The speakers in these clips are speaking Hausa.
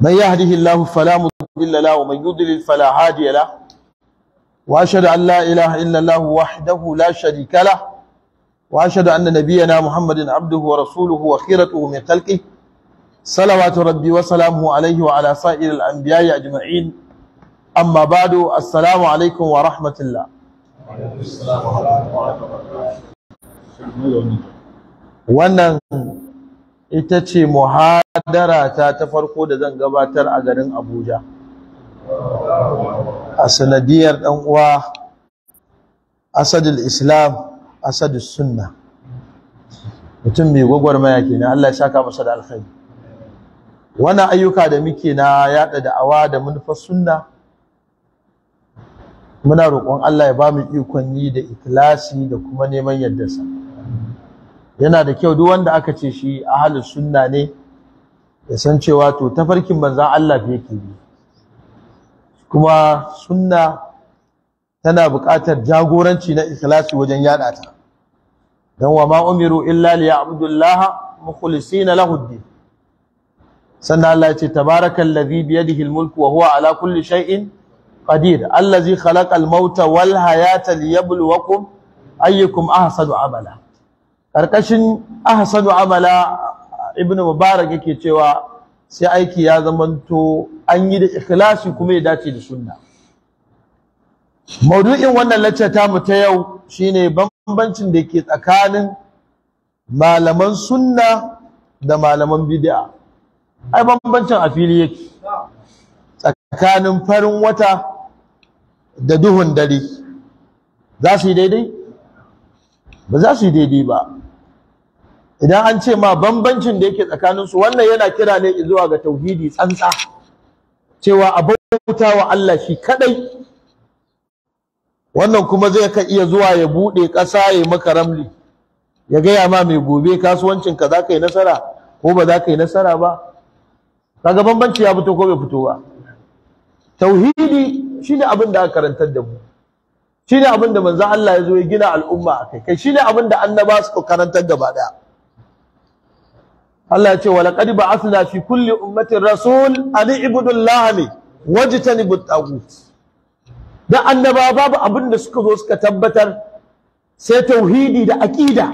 من يهده الله فلا مضل له ومن يضلل فلا هادي له واشهد ان لا اله الا الله وحده لا شريك له واشهد ان نبينا محمد عبده ورسوله وخيرته من خلقه صلوات ربي وسلامه عليه وعلى سائر الانبياء اجمعين اما بعد السلام عليكم ورحمه الله وعليكم السلام ورحمه الله وبركاته wannan ita ce muhadarata ta farko da zan gabatar a garin Abuja a sanadiyar dan uwa Asadul Islam asadul Sunna mutum mai gwagwarmaya na Allah ya saka masa da alkhairi Wani ayyuka da muke na yaɗa da'awa da manufar sunna muna roƙon Allah ya ba mu ikon yi da ikilasi da kuma neman yardarsa. sa yana da kyau duk wanda aka ce shi ahlus sunna ne ya san cewa to tafarkin manzon Allah fa yake bi kuma sunna tana buƙatar jagoranci na ikhlasi wajen yada ta dan wa ma umiru illa liya'budullaha mukhlisina lahu ddin sannan Allah ya ce tabarakallazi biyadihi almulku wa huwa ala kulli shay'in qadir allazi khalaqa mauta wal hayata liyabluwakum ayyukum ahsanu amala ƙarƙashin ahsanu amala ibnu mubarak yake cewa sai aiki ya zamanto an yi da ikhlasi kuma ya dace da sunna maudu'in wannan lacca ta mu ta yau shine bambancin da yake tsakanin malaman sunna da malaman bid'a ai bambancin a fili yake tsakanin farin wata da duhun dare za su yi daidai ba za su yi daidai ba idan an ce ma bambancin da yake tsakaninsu wannan yana kira ne zuwa ga tauhidi tsantsa cewa a bauta wa Allah shi kadai wannan kuma zai ka iya zuwa ya bude ƙasa ya maka ramli ya gaya ma mai gobe kasuwancin ka za ka yi nasara ko ba za ka yi nasara ba kaga bambanci ya fito ko bai fito ba tauhidi shine abin da aka karantar da mu shine abin da manzo Allah ya zo ya gina al'umma akai kai shine abin da annaba suka karantar gaba daya Allah ya ce wa laqad ba'athna fi kulli ummatin rasul an ibudu Allah ne wajtanibu da annaba babu abin da suka zo suka tabbatar sai tauhidi da aqida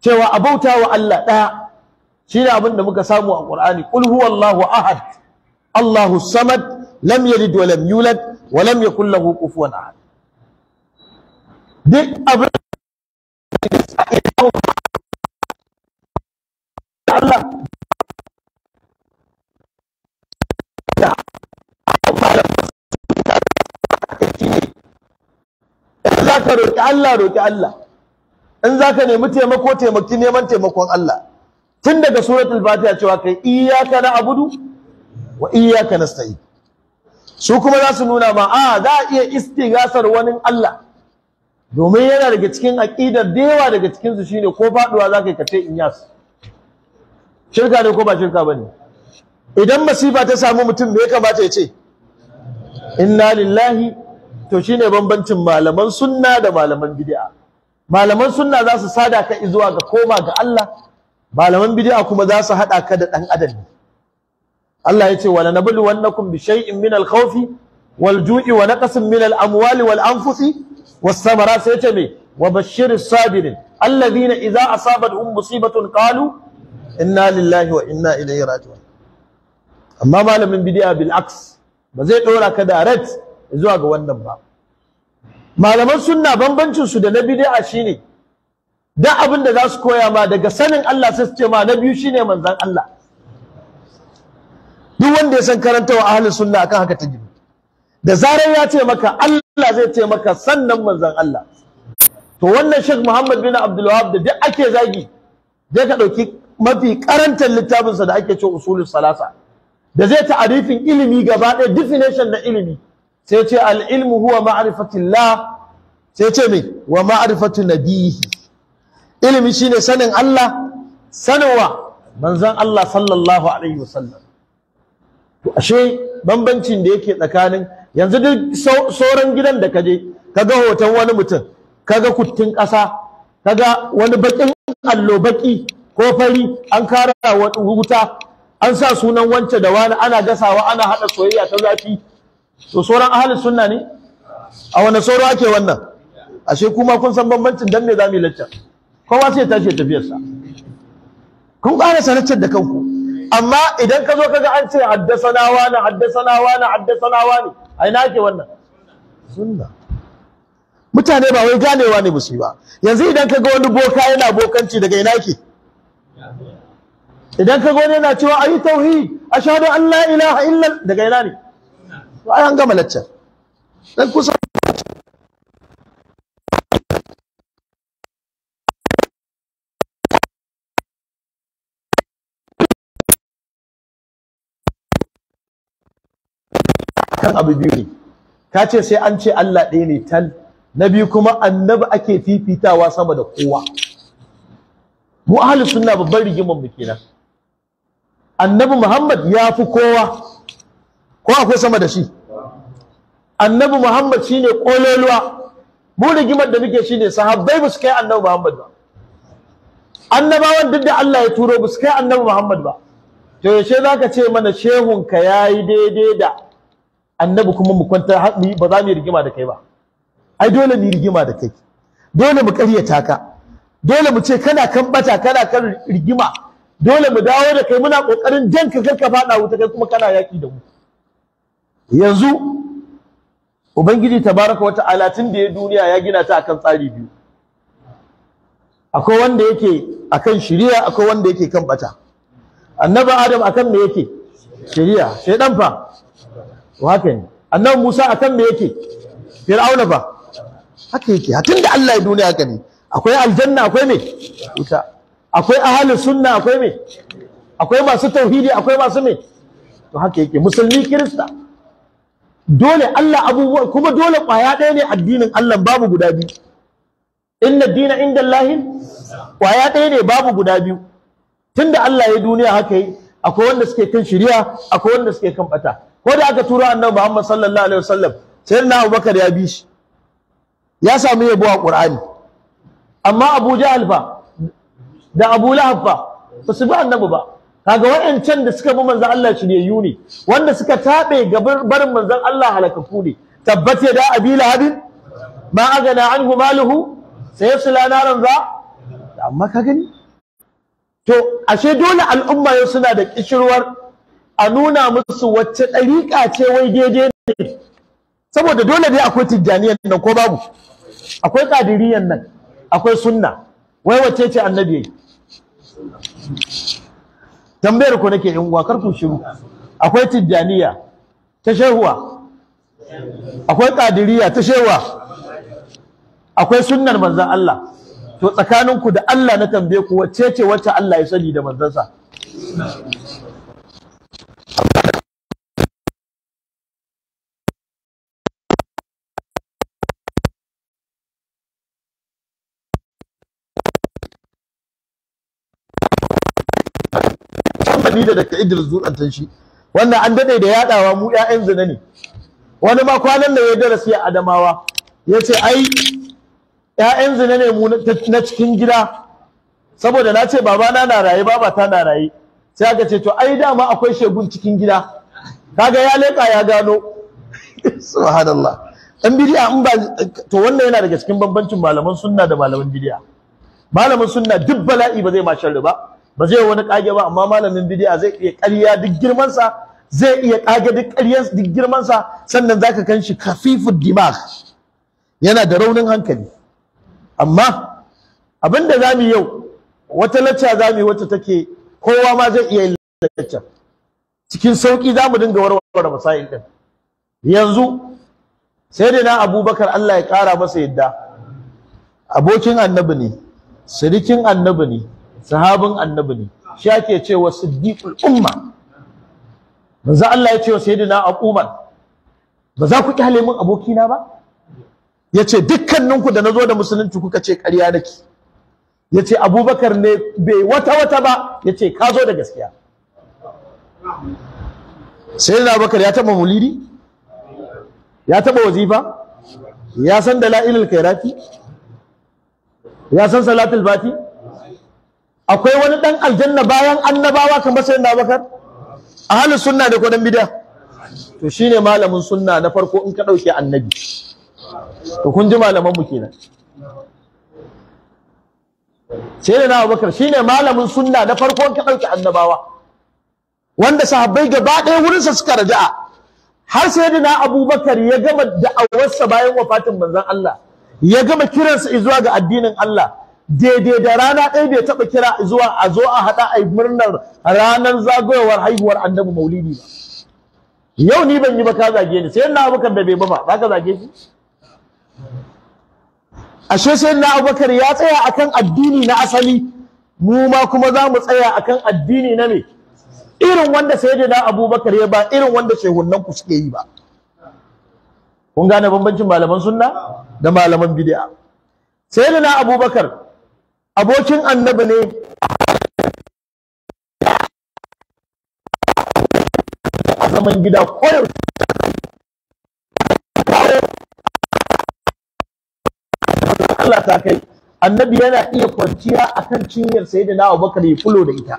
cewa abauta wa Allah daya shine abinda muka samu a Qur'ani qul huwallahu ahad Allahu samad lam yalid wa lam yulad wa lam yakul lahu kufuwan ahad duk abin Roki roƙi Allah roƙi Allah in zaka nemi taimako taimaki neman taimakon Allah tun daga suratul fatiha cewa kai iyyaka na'budu wa iyyaka nasta'in su kuma za su nuna ma a ah, za a iya istighasar wani Allah domin yana daga cikin aqidar dewa daga cikin su shine ko faduwa zaka ka yi ka inyas shirka ne ko ba shirka bane idan masifa ta samu mutum me ya kamata ya ce inna lillahi to shine bambancin malaman sunna da malaman bid'a malaman sunna za su sada ka zuwa ga koma ga Allah malaman bid'a kuma za su hada ka da dan adam Allah yace wala nablu wannakum bi shay'in min al-khawfi wal ju'i wa naqsin min al-amwali wal anfusi was samarat sai yace me wa bashiris sabirin alladhina idza asabatuhum musibatun qalu inna lillahi wa inna ilaihi amma malamin bidi'a bil aks ba zai dora ka zuwa ga wannan ba malaman sunna bambancin su da na bid'a shine don abin da za su koya ma daga sanin Allah sai su ce ma na biyu shine manzon Allah duk wanda ya san karantawa ahlus sunna kan haka ta gina da zarar ya ce maka Allah zai ce maka sannan manzon Allah to wannan Sheikh Muhammad bin Abdul da duk ake zagi zai ka dauki mafi karantar littafinsa da ake ce usulul salasa da zai ta'arifin ilimi gaba ɗaya definition na ilimi sai ce al'ilmu huwa la sai ce mai wa ma'arifatu nabihi ilimi shine sanin Allah sanarwa manzan Allah sallallahu alaihi wasallam to ashe bambancin da yake tsakanin yanzu duk sauran gidan da kaje kaga hoton wani mutum kaga kuttin ƙasa kaga wani bakin allo baki ko fari an kara wuta an sa sunan wance da wani ana gasawa ana haɗa soyayya ta zafi so sauran ahalin sunna ne a wani sauro ake wannan ashe kuma kun san bambancin dan ne za mu yi lacca kowa sai ya tashi ya tafiyarsa kun ƙara sanaccar da kanku amma idan ka zo ka ga an ce haddasana wani haddasana wani haddasana wani a ina ake wannan sunna mutane ba wai ganewa ne musu ba yanzu idan ka ga wani boka yana bokanci daga ina ke idan ka ga wani yana cewa ayi tauhid ashhadu an la ilaha illa daga ina ne to ai an gama laccar dan kusa kan abu biyu ne ka ce sai an ce Allah ɗaya ne tal na biyu kuma annabi ake fifitawa sama da kowa mu ahli sunna babban rigimar mu kenan annabi Muhammad ya fi kowa ko akwai sama da shi annabi muhammad shi ne ƙololuwa mu rigimar da muke shi ne sahabbai ba su kai annabi muhammad ba annabawan duk da Allah ya turo ba su kai annabi muhammad ba to yaushe ka ce mana shehunka ya yi daidai da annabi kuma mu kwanta ba za mu yi rigima da kai ba ai dole mu rigima da kai dole mu karyata ka dole mu ce kana kan bata kana kan rigima dole mu dawo da kai muna kokarin jan ka karka faɗa wuta kai kuma kana yaki da mu yanzu ubangiji tabaraka wa ta'ala tun da ya duniya ya gina ta akan tsari biyu akwai wanda yake akan shiriya akwai wanda yake kan bata annabi adam akan me yake shiriya shedan fa haka ne annabi musa akan me yake fir'auna fa haka yake tun da Allah ya duniya haka ne akwai aljanna akwai me wuta akwai ahli sunna akwai me akwai masu tauhidi akwai masu me to haka yake musulmi kirista dole Allah abubuwa kuma dole kwaya ɗaya ne addinin Allah babu guda biyu inna dina inda Allahi kwaya ɗaya ne babu guda biyu tunda Allah ya duniya haka yi akwai wanda suke kan shiriya akwai wanda suke kan bata ko da aka tura annabi Muhammad sallallahu alaihi wasallam sai na Abubakar ya bi shi ya samu yabo a Qur'ani amma Abu Jahl fa da Abu Lahab fa ba su bi annabi ba kaga waɗancan da suka bi manzon Allah shiryayyu ne wanda suka tabe ga barin manzon Allah halakaku ne tabbace da abila hadin ma agana anhu maluhu sayasla naran za amma ka gani to ashe dole al'umma yau suna da kishirwar a nuna musu wacce ɗariƙa ce wai daidai ne saboda dole dai akwai tijjaniyan nan ko babu akwai qadiriyan nan akwai sunna wai wacce ce annabi yayi tambayar ku nake yan uwa kar ku shiru akwai tijjaniya ta shehuwa akwai Qadiriya ta shehuwa akwai sunnar manzon Allah to tsakaninku da Allah na tambaye ku wacce ce wacce Allah ya sani da manzansa ni da Dr. Idris shi wannan an dade da yadawa mu ƴaƴan zina ne wani ma kwanan da ya darasi a Adamawa yace ai ƴaƴan zina ne mu na cikin gida saboda na ce babana na raye babata na raye sai aka ce to ai dama akwai shegun cikin gida kaga ya leƙa ya gano subhanallah dan bidiya in ba to wannan yana daga cikin bambancin malaman sunna da malaman bidiya malamin sunna duk bala'i ba zai ma sharri ba ba zai wani kage ba amma malamin bid'a zai iya ƙarya duk girman sa zai iya kage duk ƙaryar duk girman sa sannan zaka kan shi khafifud dimagh yana da raunin hankali amma abinda zamu yau wata lacca zamu wata take kowa ma zai iya yin lacca cikin sauki zamu dinga warware masail din yanzu sai dai na abubakar Allah ya kara masa yadda abokin annabi ne sirikin annabi ne sahabin annabi ne shi ake cewa siddiqul umma manzo Allah ya ce wa sayyidina Umar ba za ku kyale min abokina ba yace dukkaninku da nazo da musulunci kuka ce ƙarya nake yace Abubakar ne bai wata wata ba yace ka zo da gaskiya sayyidina Abubakar ya taba mulidi ya taba wazifa ya san dalailul khairati ya san salatul fati akwai wani dan aljanna bayan annabawa kamar sai na bakar ahalus sunna da kodan bid'a to shine malamin sunna na farko in ka dauke annabi to kun ji malaman mu kenan sai da na abubakar shine malamin sunna na farko in ka dauke annabawa wanda sahabbai gaba ɗaya wurinsa suka raja'a har sai da na abubakar ya gama da'awarsa bayan wafatin manzon Allah ya gama kiransa zuwa ga addinin Allah daidai da rana ɗaya bai taɓa kira zuwa a zo a haɗa a murnar ranar zagayowar haihuwar annabi maulidi ba yau ni ban yi ba ka zage ni sai na abubakar da bai ba za ka zage shi ashe sai na abubakar ya tsaya akan addini na asali mu ma kuma za mu tsaya akan addini na me irin wanda na abubakar ya ba irin wanda shehunan ku suke yi ba kun gane bambancin malaman sunna da malaman bid'a sayyidina abubakar abokin annabi ne a zaman gida koyaushe Allah ta kai annabi yana iya kwanciya a kan cinyar sai da na Abubakar yi fulo da ita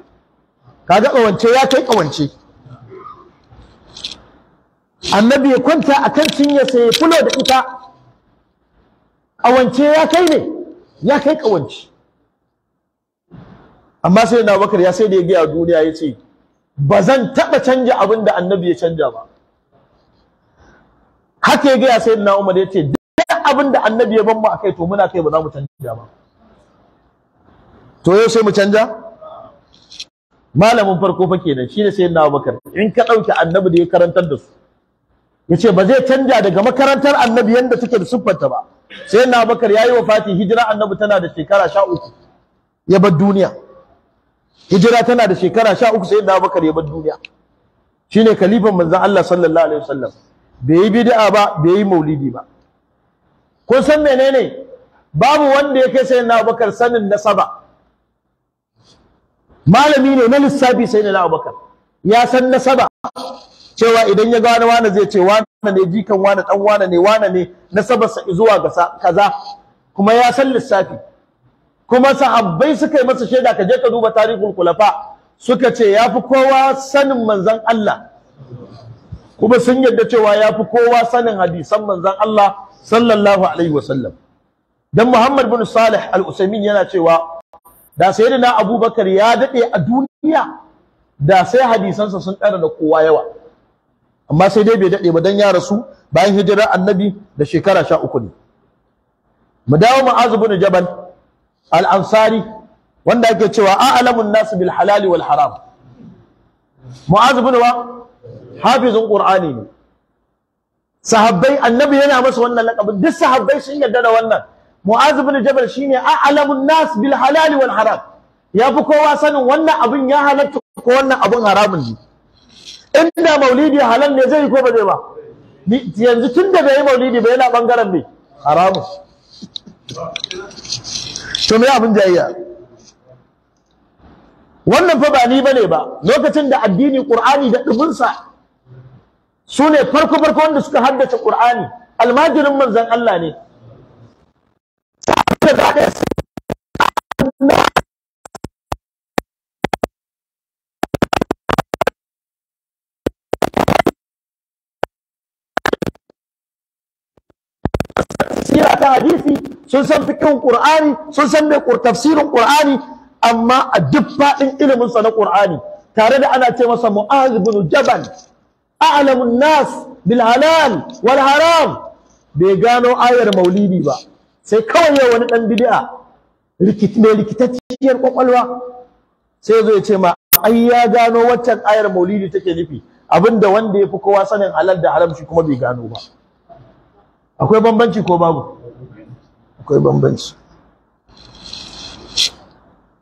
kaga kawance ya kai kawance annabi ya kwanta a kan cinyar sai ya fulo da ita kawance ya kai ne ya kai kawance amma sai na bakar ya sai da ya gaya duniya ya ce ba zan taɓa canja abin da annabi ya canja ba haka ya gaya sai na umar ya ce duk abin da annabi ya ban mu akai to muna kai ba za mu canja ba to yau sai mu canja malamin farko fa kenan shine sai na bakar in ka ɗauki annabi da ya karantar da su yace ba zai canja daga makarantar annabi yanda suke da siffarta ba sai na bakar yayi wafati hijira annabi tana da shekara 13 ya bar duniya hijira tana da shekara sha uku sai da abubakar ya bar duniya Shi ne kalifan manzan Allah sallallahu alaihi wasallam bai yi bidi'a ba bai yi maulidi ba kun san menene babu wanda ya kai sai na abubakar sanin nasaba malami ne na lissafi sai na abubakar ya san nasaba cewa idan ya ga wani wani zai ce wani ne jikan wani dan wani ne wani ne nasabarsa zuwa ga kaza kuma ya san lissafi kuma sahabbai suka yi masa shaida ka je ka duba tarihul kulafa suka ce ya fi kowa sanin manzan Allah kuma sun yadda cewa ya fi kowa sanin hadisan manzan Allah sallallahu alaihi wasallam dan Muhammad bin Salih al-Usaimin yana cewa da sayyidina Abubakar ya dade a duniya da sai hadisansa sun ƙara da kowa yawa amma sai dai bai dade ba dan ya rasu bayan hijirar annabi da shekara 13 ne mu dawo ma'azu bin jabal al wanda ake cewa a'lamun nasu bil halali wal haram mu'az ibn wa hafizun qur'ani ne sahabbai annabi yana masa wannan laqabin duk sahabbai sun yarda da wannan mu'az ibn jabal shine a'lamun nasu bil halali wal haram Ya fi kowa sanin wannan abin ya halatta ko wannan abin haramun ne inda maulidi halal ne zai yi ko ba zai ba yanzu tun da bai maulidi ba yana ɓangaren ne haramun to me abin jayayya wannan fa ba ni bane ba lokacin da addini qur'ani da dubinsa su ne farko farko wanda suka haddace qur'ani almajirin manzon Allah ne sira ta hadisi sun san fikin ƙur'ani sun san mai tafsirin ƙur'ani amma a duk faɗin iliminsa na ƙur'ani tare da ana ce masa mu'az bin jabal a'lamun nas bil halal wal haram bai gano ayar maulidi ba sai kawai ya wani dan bid'a mai rikitacciyar kwakwalwa sai zo ya ce ma ai ya gano waccan ayar maulidi take nufi abinda wanda ya fi kowa sanin halal da haram shi kuma bai gano ba akwai bambanci ko babu akwai bambanci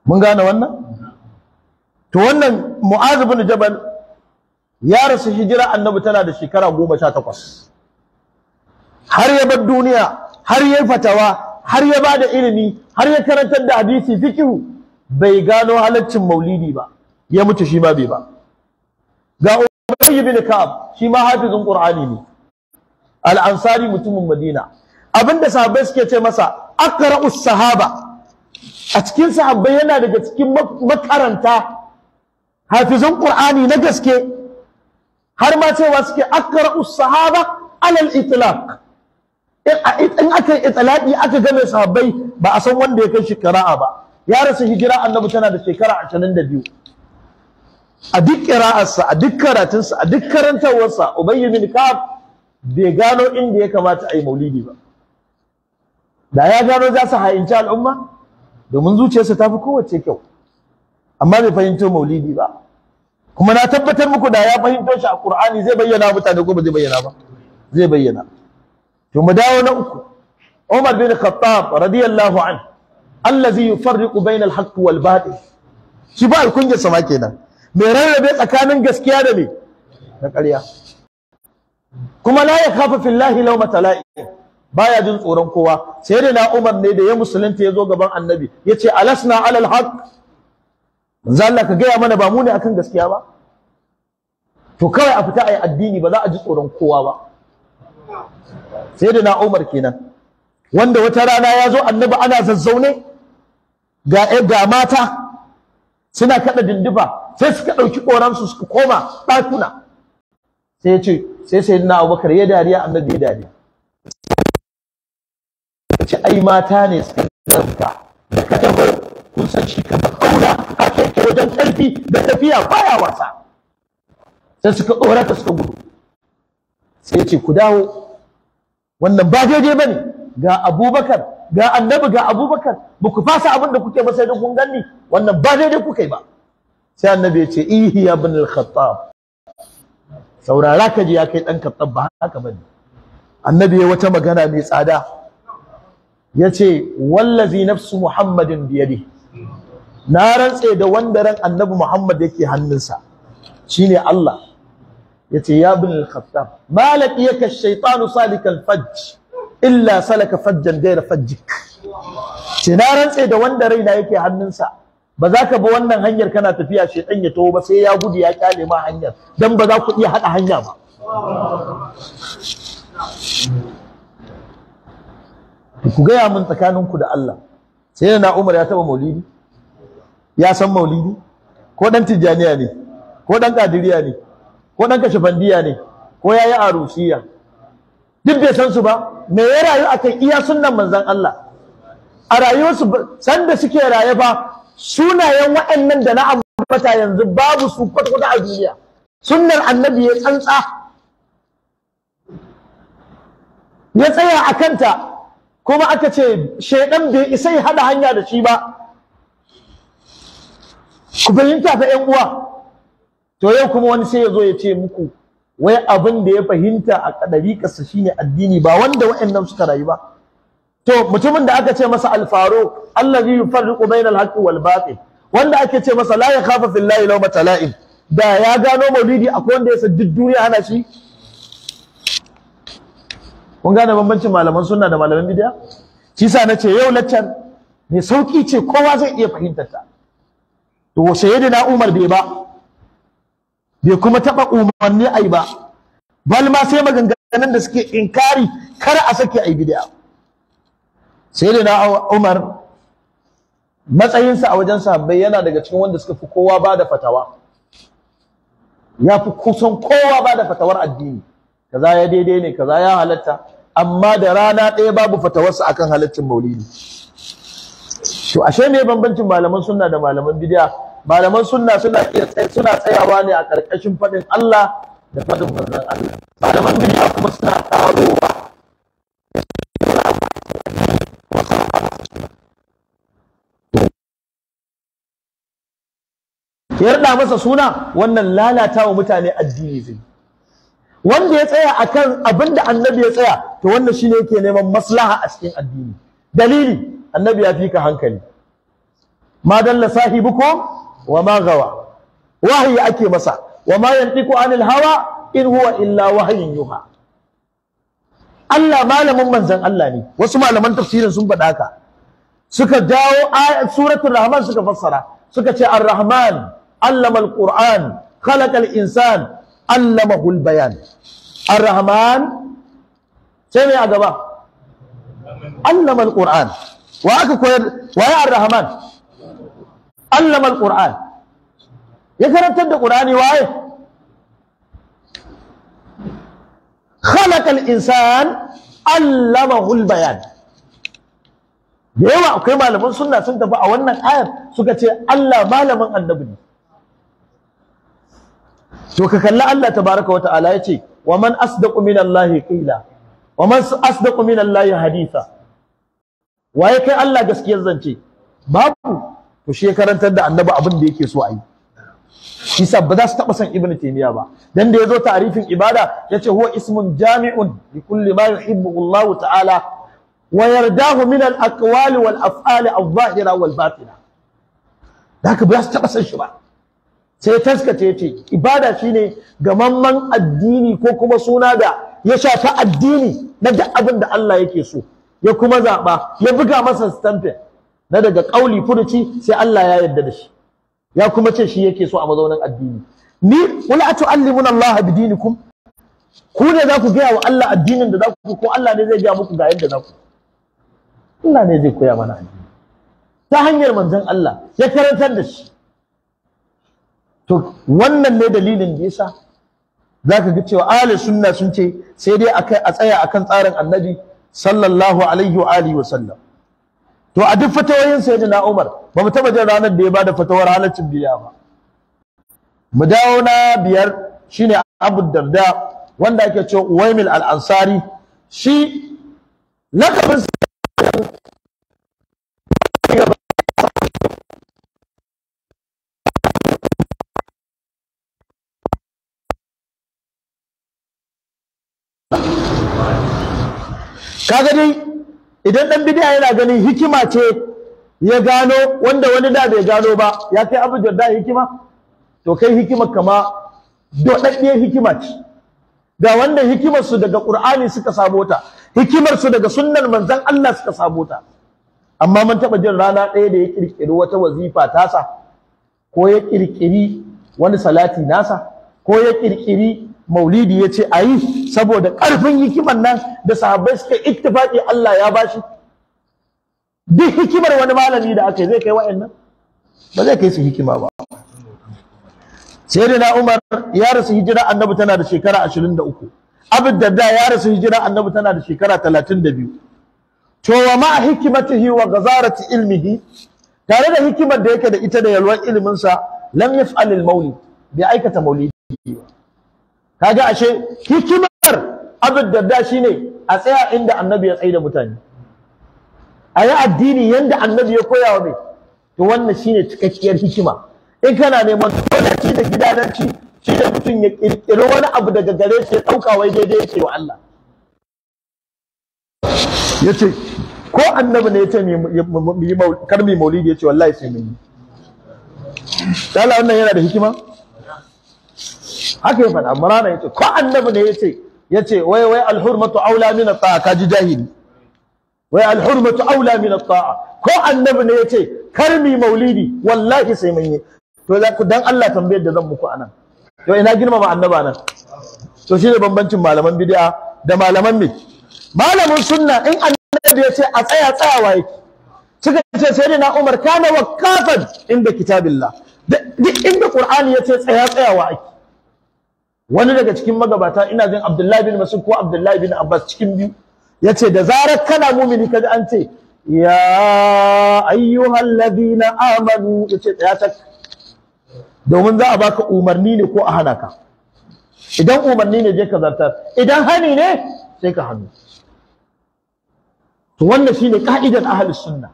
mun gane wannan to wannan mu'az ibn jabal ya rasu hijira annabi tana da shekara goma sha takwas har ya bar duniya har ya fatawa har ya ba da ilimi har ya karantar da hadisi fikihu bai gano halaccin maulidi ba ya mutu shi ma bai ba ga ubay ibn ka'ab shi ma hafizun qur'ani ne al-ansari mutumin madina abinda sahabbai suke ce masa akra'us sahaba a cikin sahabbai yana daga cikin makaranta hafizan qur'ani na gaske har ma cewa suke akra'us sahaba alal itlaq in aka itlaqi aka ga sahabbai ba a san wanda ya kai shekara ba ya rasu hijira annabi tana da shekara 22 a duk qira'arsa a duk karatunsa a duk karantawarsa ubayy bin ka'ab bai gano inda ya kamata a yi maulidi ba da ya gano za su hayinci al'umma domin zuciyarsa ta fi kowace kyau amma bai fahimto maulidi ba kuma na tabbatar muku da ya fahimto shi a Qur'ani zai bayyana mutane ko ba zai bayyana ba zai bayyana to mu dawo na uku Umar bin Khattab radiyallahu an allazi yufarriqu bainal haqqi wal batil shi ba alkunjar sama kenan mai rarrabe tsakanin gaskiya da me na ƙarya kuma la yakhafu fillahi lawmata la'in baya jin tsoron kowa sai da Umar ne da ya musulunta ya zo gaban annabi ya ce alasna alal haq manzo Allah ka gaya mana ba mu ne akan gaskiya ba to kawai a fita ayi addini ba za a ji tsoron kowa ba sai da Umar kenan wanda wata rana ya zo annabi ana zazzaune ga eh, ga mata suna kada dindifa sai suka ɗauki ƙoransu suka koma ɗakuna sai ya ce sai sai na abubakar ya dariya annabi ya dariya kai mata ne suka zanta da katamar kun san shi kamar kauna a ke wajen karfi da tafiya baya wasa sai suka tsorata suka gudu sai ce ku dawo wannan ba daidai ba ne ga abubakar ga annabi ga abubakar ba ku fasa abin da kuke masa da kun ganni wannan ba daidai kuka yi ba sai annabi ya ce ihi ya bin al-khattab saurara ka ji ya kai dan khattab ba haka bane annabi ya wata magana mai tsada yace wallazi nafsu muhammadin biyadi na rantse da wanda ran annabi muhammad yake hannunsa shine Allah yace ya ibn al-khattab ma laqiyaka ash-shaytanu salika al-fajj illa salaka fajjan ghayra fajjik ce na rantse da wanda raina yake hannunsa ba za ka bi wannan hanyar kana tafiya shaytan ya taho ba sai ya gudu ya kyale ma hanyar dan ba za ku iya hada hanya ba ku gaya min tsakaninku da Allah sai na Umar ya taba maulidi ya san maulidi ko dan tijaniya ne ko dan kadiriya ne ko dan kashabandiya ne ko yayi arusiya duk bai san su ba me ya rayu akan iya sunnan manzon Allah a rayuwarsu sanda suke raye ba sunayen waɗannan da na ambata yanzu babu su kwata-kwata a duniya sunnar annabi ya tsantsa ya tsaya a kanta kuma aka ce shaidan bai isa ya hada hanya da shi ba ku fahimta ta yan uwa to yau kuma wani sai ya zo ya ce muku wai abin da ya fahimta a kadari kasa shine addini ba wanda wa'annan suka rayu ba to mutumin da aka ce masa alfaro allazi yufarriqu bainal haqqi wal batil wanda ake ce masa la yakhafu fillahi lawmata matala'in da ya gano maulidi akwai wanda ya sa duk duniya hana shi kun gane bambancin malaman sunna da malaman bid'a shi sa ce yau laccar mai sauki ce kowa zai iya fahimtar ta to na Umar bai ba bai kuma taba umarni ai ba bal ma sai maganganun da suke inkari kar a sake ai bid'a na Umar matsayinsa a wajen sahabbai yana daga cikin wanda suka fi kowa ba da fatawa ya fi kusan kowa ba da fatawar addini kaza ya daidai ne kaza ya halatta amma da rana ɗaya babu fatawarsa akan halaccin maulidi to ashe me bambancin malaman sunna da malaman bid'a malaman sunna suna suna tsayawa ne a ƙarƙashin faɗin Allah da faɗin manzon Allah malaman bid'a kuma suna ƙarowa yarda masa suna wannan lalata wa mutane addini zai wanda ya tsaya akan abin da annabi ya tsaya to wannan shine yake neman maslaha a cikin addini dalili annabi ya fika hankali ma dalla sahibukum wa ma gawa wahayi ake masa wa ma yantiqu anil hawa in huwa illa wahayin yuha Allah malamin manzon Allah ne wasu malaman tafsirin sun faɗa haka suka jawo suratul rahman suka fassara suka ce ar-rahman allama al-qur'an khalaqa al-insan allamahul bayan ar-rahman sai mai a gaba allama al-qur'an wa aka koyar waye ar-rahman allama al-qur'an ya karantar da qur'ani waye khalaqa al-insan allamahul bayan da yawa akwai malaman sunna sun tafi a wannan ayar suka ce Allah malamin annabi ne to ka kalli Allah tabaraka wa ta'ala yace wa man asdaqu qila wa man asdaqu minallahi haditha waye kai Allah gaskiyar zance babu to shi karantar da annabi abin da yake so ayi. Isa shi sa ba za su taba san ibnu taymiya ba dan da yazo ta'rifin ibada yace huwa ismun jami'un li kulli ma yuhibbu Allah ta'ala wa yardahu min al aqwali wal af'ali al zahira wal ba za su shi ba sai taskace ce ibada shine gamamman addini ko kuma suna da ya shafi addini na duk abin da Allah yake so ya kuma zaɓa ya buga masa stampin na daga kauli furuci sai Allah ya yarda da shi ya kuma ce shi yake so a mazaunin addini ni wala atu'allimuna Allah bidinikum ku ne za ku gaya wa Allah addinin da za ku ko Allah ne zai gaya muku ga yadda za ku Allah ne zai koya mana addini ta hanyar manzon Allah ya karantar da shi to wannan ne dalilin da yasa zaka ga cewa ahli sunna sun ce sai dai akai a tsaya akan tsarin annabi sallallahu alaihi wa alihi wasallam to a duk fatawoyin sayyidina Umar ba mu taba jin ranar da ya bada fatawar halaccin biya ba mu dawo na biyar shine Abu Darda wanda ake cewa Uwaimil al-Ansari shi lakabin Ka gani idan dan bid'a yana ganin hikima ce ya gano wanda wani da bai gano ba ya kai abu da hikima to kai hikima kama dodaddiyar hikima ce ga wanda hikimarsu daga Qur'ani suka sabota hikimarsu hikimar su daga sunnar manzon Allah suka samo ta amma mun taɓa jin rana ɗaya da ya kirkiri wata wazifa tasa ko ya ƙirƙiri wani salati nasa ko ya ƙirƙiri. maulidi ya ce a yi saboda ƙarfin hikimar nan da sahabbai suka ittifaƙi Allah ya bashi duk hikimar wani malami da aka yi zai kai wa'annan ba zai kai su hikima ba sai da Umar ya rasu hijira annabi tana da shekara 23 Abu Darda ya rasu hijira annabi tana da shekara 32 to wa ma hikimatihi wa gazarati ilmihi tare da hikimar da yake da ita da yalwar iliminsa lam yaf'al al-maulid bi aikata maulidi ba kaga ashe hikimar abin darda shine a tsaya inda annabi ya tsaye da mutane a yi addini yanda annabi ya koya wa mai to wannan shine cikakkiyar hikima in kana neman dolaci da gidananci shi da mutum ya ƙirƙiri wani abu daga gare shi ya ɗauka wai daidai yake wa Allah ya ce ko annabi ne ya ce kar maulidi ya ce wallahi sai mun yi. Dala wannan yana da hikima? haka ya faɗa murana ce, ko annabi ne ya ce, ya ce wai wai alhurmatu aula min at ka ji jahili wai alhurmatu aula min at-ta'a ko annabi ne ya yace karmi maulidi wallahi sai mun yi to za ku dan Allah tambayar da zan muku anan to ina girmama annaba nan to shine bambancin malaman bid'a da malaman me malamin sunna in annabi ya ce a tsaya tsayawa yake suka ce sai na Umar kana wakafan inda kitabillah duk inda Qur'ani ce tsaya tsayawa yake. wani daga cikin magabata ina jin Abdullahi bin masu ko Abdullahi bin Abbas cikin biyu Ya ce da zarar kana mumini kaji an ce ya ayyuhal ladina amanu ce tsaya ta. domin za a baka umarni ne ko a hana ka idan umarni ne je ka zartar idan hani ne sai ka hannu to wannan shine ka'idar ahlus sunna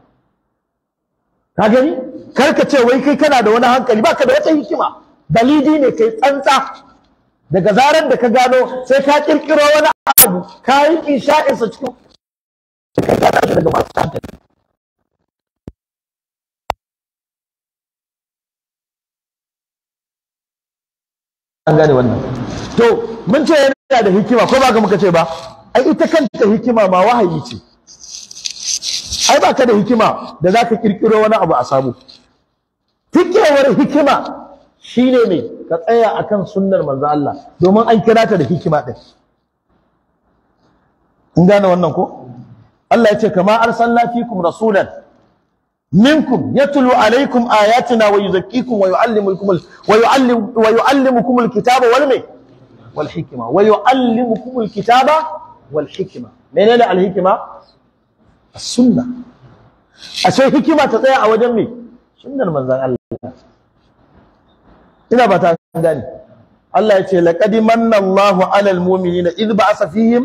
ka gani karka ce wai kai kana da wani hankali baka da wata hikima balidi ne kai tsantsa daga zarar da ka gano sai ka kirkiro wani abu ka yi insha'insa cikin ka gano shi daga masu hankali an gane wannan to mun ce yana da hikima ko ba ka muka ce ba ai ita kanta hikima ma wahayi ce ai ba ka da hikima da za ka kirkiro wani abu a samu fikewar hikima shine ne ka tsaya akan sunnar manzo Allah domin an kira ta da hikima din in gane wannan ko Allah ya ce kama arsalna fikum rasulan minkum yatlu alaikum ayatina wa yuzakkikum wa yuallimukum wa yuallim wa yuallimukum alkitaba wal me wal hikma wa yuallimukum alkitaba wal hikma menene al hikma as sunna A ashe hikima ta tsaya a wajen me sunnar manzon Allah ina ba ta gani Allah ya ce laqad manna Allahu 'alal mu'minina id ba'atha fihim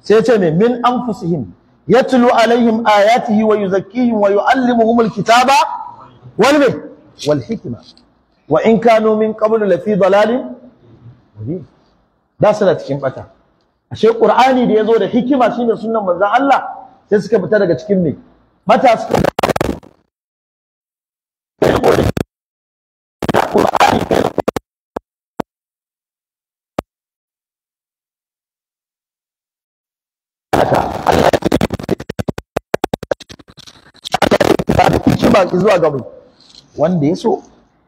sai ya ce me min anfusihim yatlu alaihim ayatihi wa yuzakkihim wa yu'allimuhumul kitaba wal bi wal hikma wa in kanu min qablu lafi dalalin mubin da suna cikin bata ashe qur'ani da yazo da hikima shine sunnan manzon Allah sai suka fita daga cikin me mata suka baki zuwa ga mai wanda ya so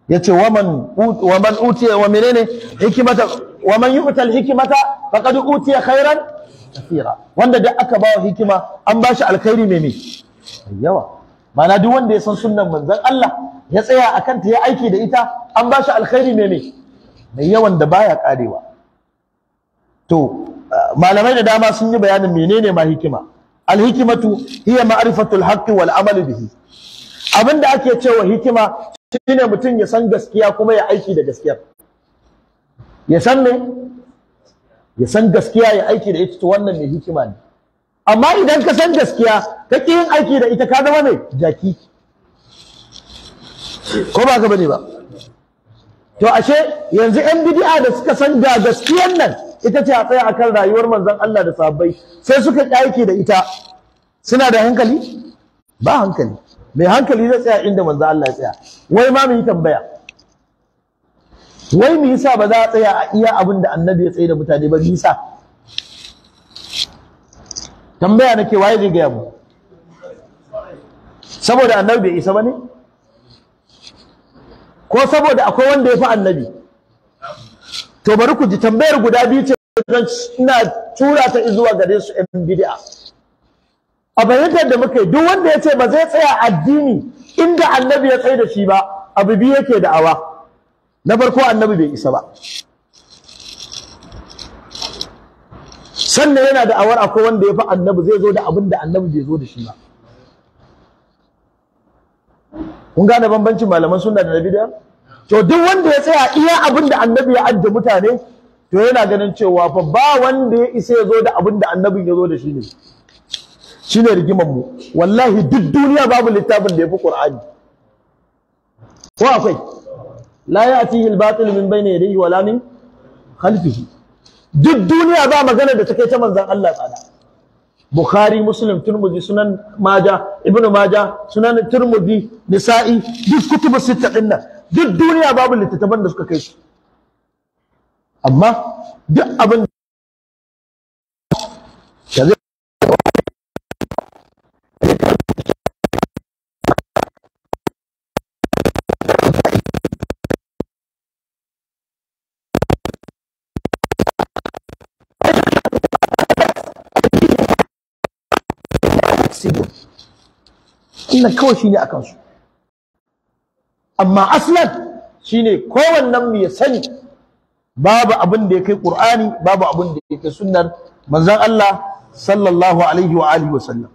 ya ce waman waman utiya wa menene hikimata waman yu'tal hikimata faqad utiya khairan kathira wanda da aka bawa hikima an bashi alkhairi mai mai yawa mana duk wanda ya san sunnan manzon Allah ya tsaya akan ta ya aiki da ita an bashi alkhairi mai mai mai yawan da baya karewa to malamai da dama sun yi bayanin menene ma hikima alhikimatu hiya ma'rifatul haqqi wal amalu bihi abin da ake cewa hikima shine mutum ya san gaskiya kuma ya aiki da gaskiya. ya san me ya san gaskiya ya aiki da ita to wannan ne hikima ne amma idan ka san gaskiya ka ki yin aiki da ita ka zama ne? jaki ko ba ka bane ba to ashe yanzu yan bid'a da suka san ga gaskiyan nan ita ce a tsaya akan rayuwar manzon Allah da sahabbai sai suka yi aiki da ita suna da hankali ba hankali mai hankali zai tsaya inda manzo Allah ya tsaya wai ma mu yi tambaya wai mu yasa ba za a tsaya a iya abin da annabi ya tsaya da mutane ba bisa tambaya nake waye zai gaya mu saboda annabi bai isa ba ne ko saboda akwai wanda ya fi annabi to bari ku ji tambayar guda biyu ce ina tura ta zuwa gare su 'yan bid'a a bayyantar da muka yi duk wanda ya ce ba zai tsaya addini inda annabi ya tsaye da shi ba abu biyu yake da'awa na farko annabi bai isa ba sannan yana da awar akwai wanda ya fi annabi zai zo da abin da annabi bai zo da shi ba kun gane bambancin malaman suna da nabi da to duk wanda ya tsaya iya abin da annabi ya ajje mutane to yana ganin cewa fa ba wanda ya isa ya zo da abin da annabin ya zo da shi ne shine rigimar mu wallahi duk duniya babu littafin da yafi qur'ani ko akwai la ya'tihi al-batil min bayni yadayhi wala min khalfihi duk duniya ba magana da take ta manzon Allah tsada Bukhari Muslim Tirmidhi Sunan Maja Ibn Maja Sunan Tirmidhi Nisa'i duk kutubu sita din nan duk duniya babu littafin da suka kai su amma duk abin da nan kawai shine a su amma aslan shine kowannen mu ya sani babu abin da ya kai ƙur'ani babu abin da ya kai sunnar manzon Allah sallallahu alaihi wa alihi wa sallam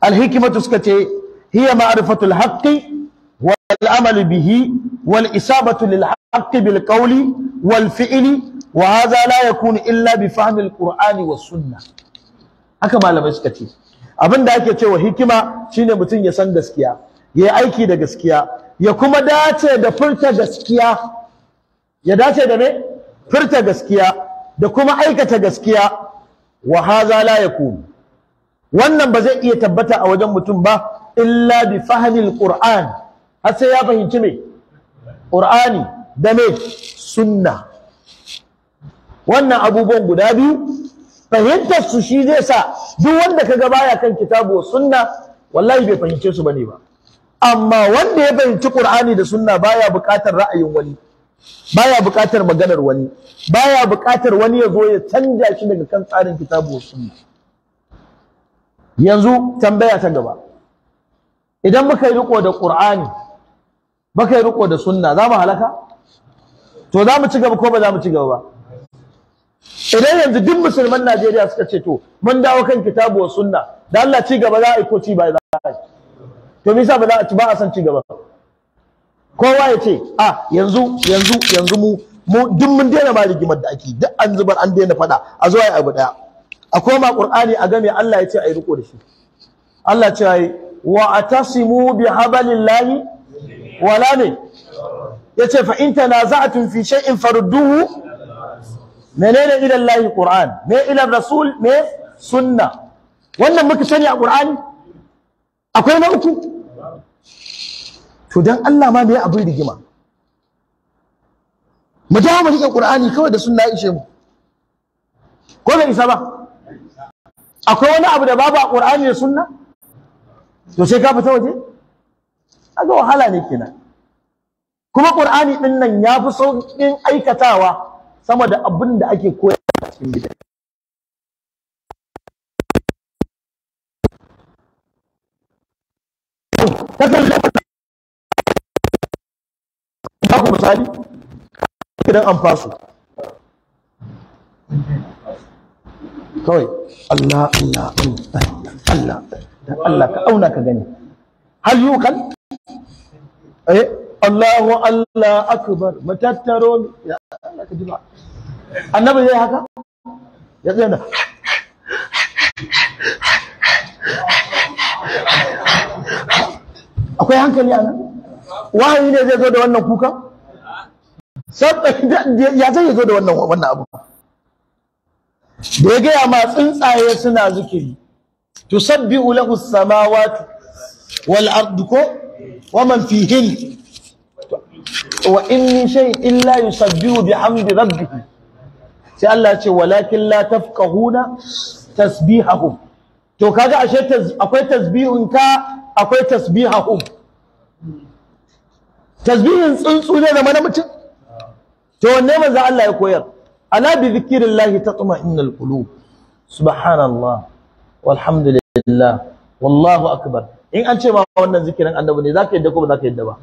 alhikmatu suka ce hiya ma'rifatul haqqi wal amalu bihi wal isabatu lil haqqi bil qawli wal fi'li wa hadha la yakunu illa bi fahmi al qur'ani was sunnah haka malamai suka ce abin da ake cewa hikima shine mutum ya san gaskiya ya yi aiki da gaskiya ya kuma dace da furta gaskiya ya dace da me furta gaskiya da kuma aikata gaskiya wa haza la yakun wannan ba zai iya tabbata a wajen mutum ba illa bi fahmil qur'an har sai ya fahimci me qur'ani da me sunna wannan abubuwan guda biyu fahimtar su shi zai sa duk wanda ka ga baya kan kitabu wa sunna wallahi bai fahimce su bane ba amma wanda ya fahimci qur'ani da sunna baya buƙatar ra'ayin wani baya buƙatar maganar wani baya buƙatar wani ya zo ya canja shi daga kan tsarin kitabu wa sunna yanzu tambaya ta gaba idan muka riko da qur'ani baka riko da sunna za mu halaka to za mu ci gaba ko ba za mu ci gaba ba idan yanzu duk musulman Najeriya suka ce to mun dawo kan kitabu wa sunna da Allah ci gaba za a yi ko ci ba za a yi to me yasa ba za a ci ba a san ci gaba kowa ya ce a yanzu yanzu yanzu mu mu duk mun daina ba rigimar da ake duk an zubar an daina fada a zo yi abu daya a koma qur'ani a game Allah ya ce ayi riko da shi Allah ce ayi wa atasimu bi hablillahi wala ne yace fa in tanaza'tum fi shay'in farudduhu menene ilan layi qur'an me ilan rasul me sunna wannan muka sani a qur'ani akwai na uku to dan Allah ma me abin rigima mu dawo mu rike qur'ani kawai da sunna ishe mu ko bai isa ba akwai wani abu da babu a qur'ani da sunna to sai ka fita waje aga wahala ne kenan kuma qur'ani din nan ya fi sauƙin aikatawa sama da abin da ake koya a cikin gida ta ku misali gidan an fasu kawai Allah Allah Allah Allah ka auna ka gani hal yukan eh Allahu Allah akbar mu tattaro ya Allah ka ji ba annabi zai haka ya tsaya akwai hankali a nan wahayi ne zai zo da wannan kuka ya zai zo da wannan wannan abu da ya gaya ma tsuntsaye suna zikiri tusabbihu lahu samawati wal ardu ko wa man fihin wa inni shay illa yusabbihu bihamdi rabbih sai Allah ya ce walakin la tafqahuna tasbihahum to kaga ashe akwai tasbihun ka akwai tasbihahum tasbihin tsuntsu ne da mana mutum to wanne manzo Allah ya koyar ala bi zikrillahi tatma'innul qulub subhanallah walhamdulillah wallahu akbar in an ce ma wannan zikirin annabi ne zaka yadda ko ba zaka yadda ba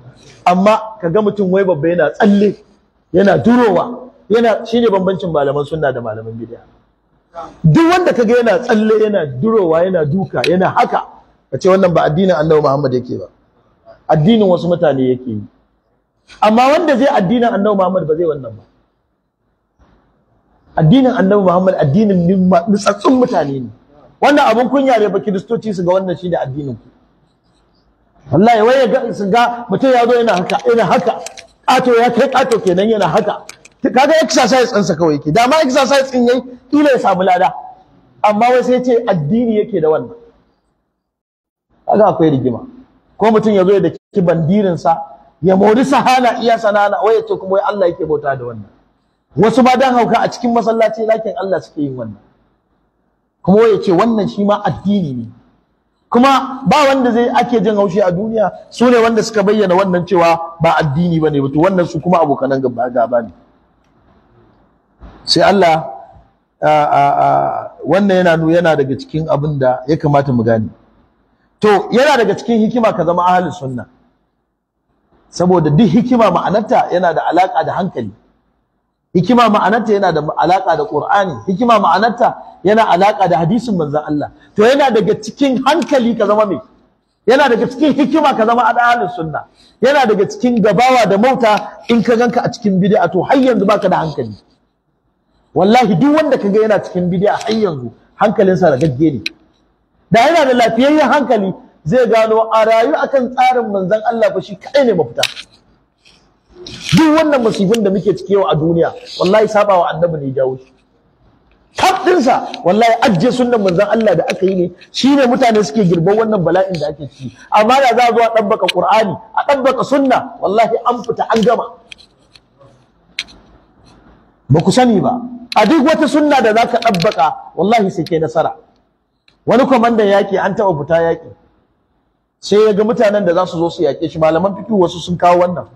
amma kaga mutum wai babba yana tsalle yana durowa yana shine bambancin malaman sunna da malaman bid'a duk wanda kaga yana tsalle yana durowa yana duka yana haka ce wannan ba addinin annabi Muhammad yake ba addinin wasu mutane yake yi amma wanda zai addinin annabi Muhammad ba zai wannan ba addinin annabi Muhammad addinin nutsatsun mutane ne wannan abun kunya ne ba kiristoci su ga wannan shi addinin ku wallahi wai ga sun ga mutum ya zo yana haka yana haka ƙato ya kai kato kenan yana haka kaga exercise sa kawai yake dama exercise ɗin yayi kila ya samu lada amma wai sai ce addini yake da wannan kaga akwai rigima ko mutum ya zo da ki bandirinsa ya mori sahana iya sanana wai ya ce kuma wai Allah yake bauta da wannan wasu ba dan hauka a cikin masallaci lakin Allah suke yin wannan kuma wai ce wannan shi ma addini ne kuma ba wanda zai ake jin haushi a duniya su ne wanda suka bayyana wannan cewa ba addini ba ne ba to wannan su kuma abokanan gaba ne sai Allah wannan yana yana daga cikin abin da ya kamata mu gane to yana daga cikin hikima ka zama ahlus sunna saboda duk hikima ma'anarta yana da alaka da hankali hikima ma'anarta yana da alaka da Qur'ani hikima ma'anarta yana alaka da hadisin manzon Allah to yana daga cikin hankali ka zama mai yana daga cikin hikima ka zama ahlus sunna yana daga cikin gabawa da mauta in ka ganka a cikin bid'a to har yanzu baka da hankali wallahi duk wanda kaga yana cikin bid'a har yanzu hankalinsa gagge ne da yana da lafiyayyen hankali zai gano a rayu akan tsarin manzon Allah ba shi kai ne mafita duk wannan musibin da muke ciki yau a duniya wallahi saba annabi ne jawo shi kaf dinsa wallahi ajje sunnan manzon Allah da aka yi ne shine mutane suke girban wannan bala'in da ake ciki amma da za a zo a dabbaka qur'ani a dabbaka sunna wallahi an fita an gama ba ku sani ba a duk wata sunna da zaka dabbaka wallahi sai ke nasara wani kwamandan yaki an taɓa fita yaki sai ya ga mutanen da za su zo su yake shi malaman fikihu wasu sun kawo wannan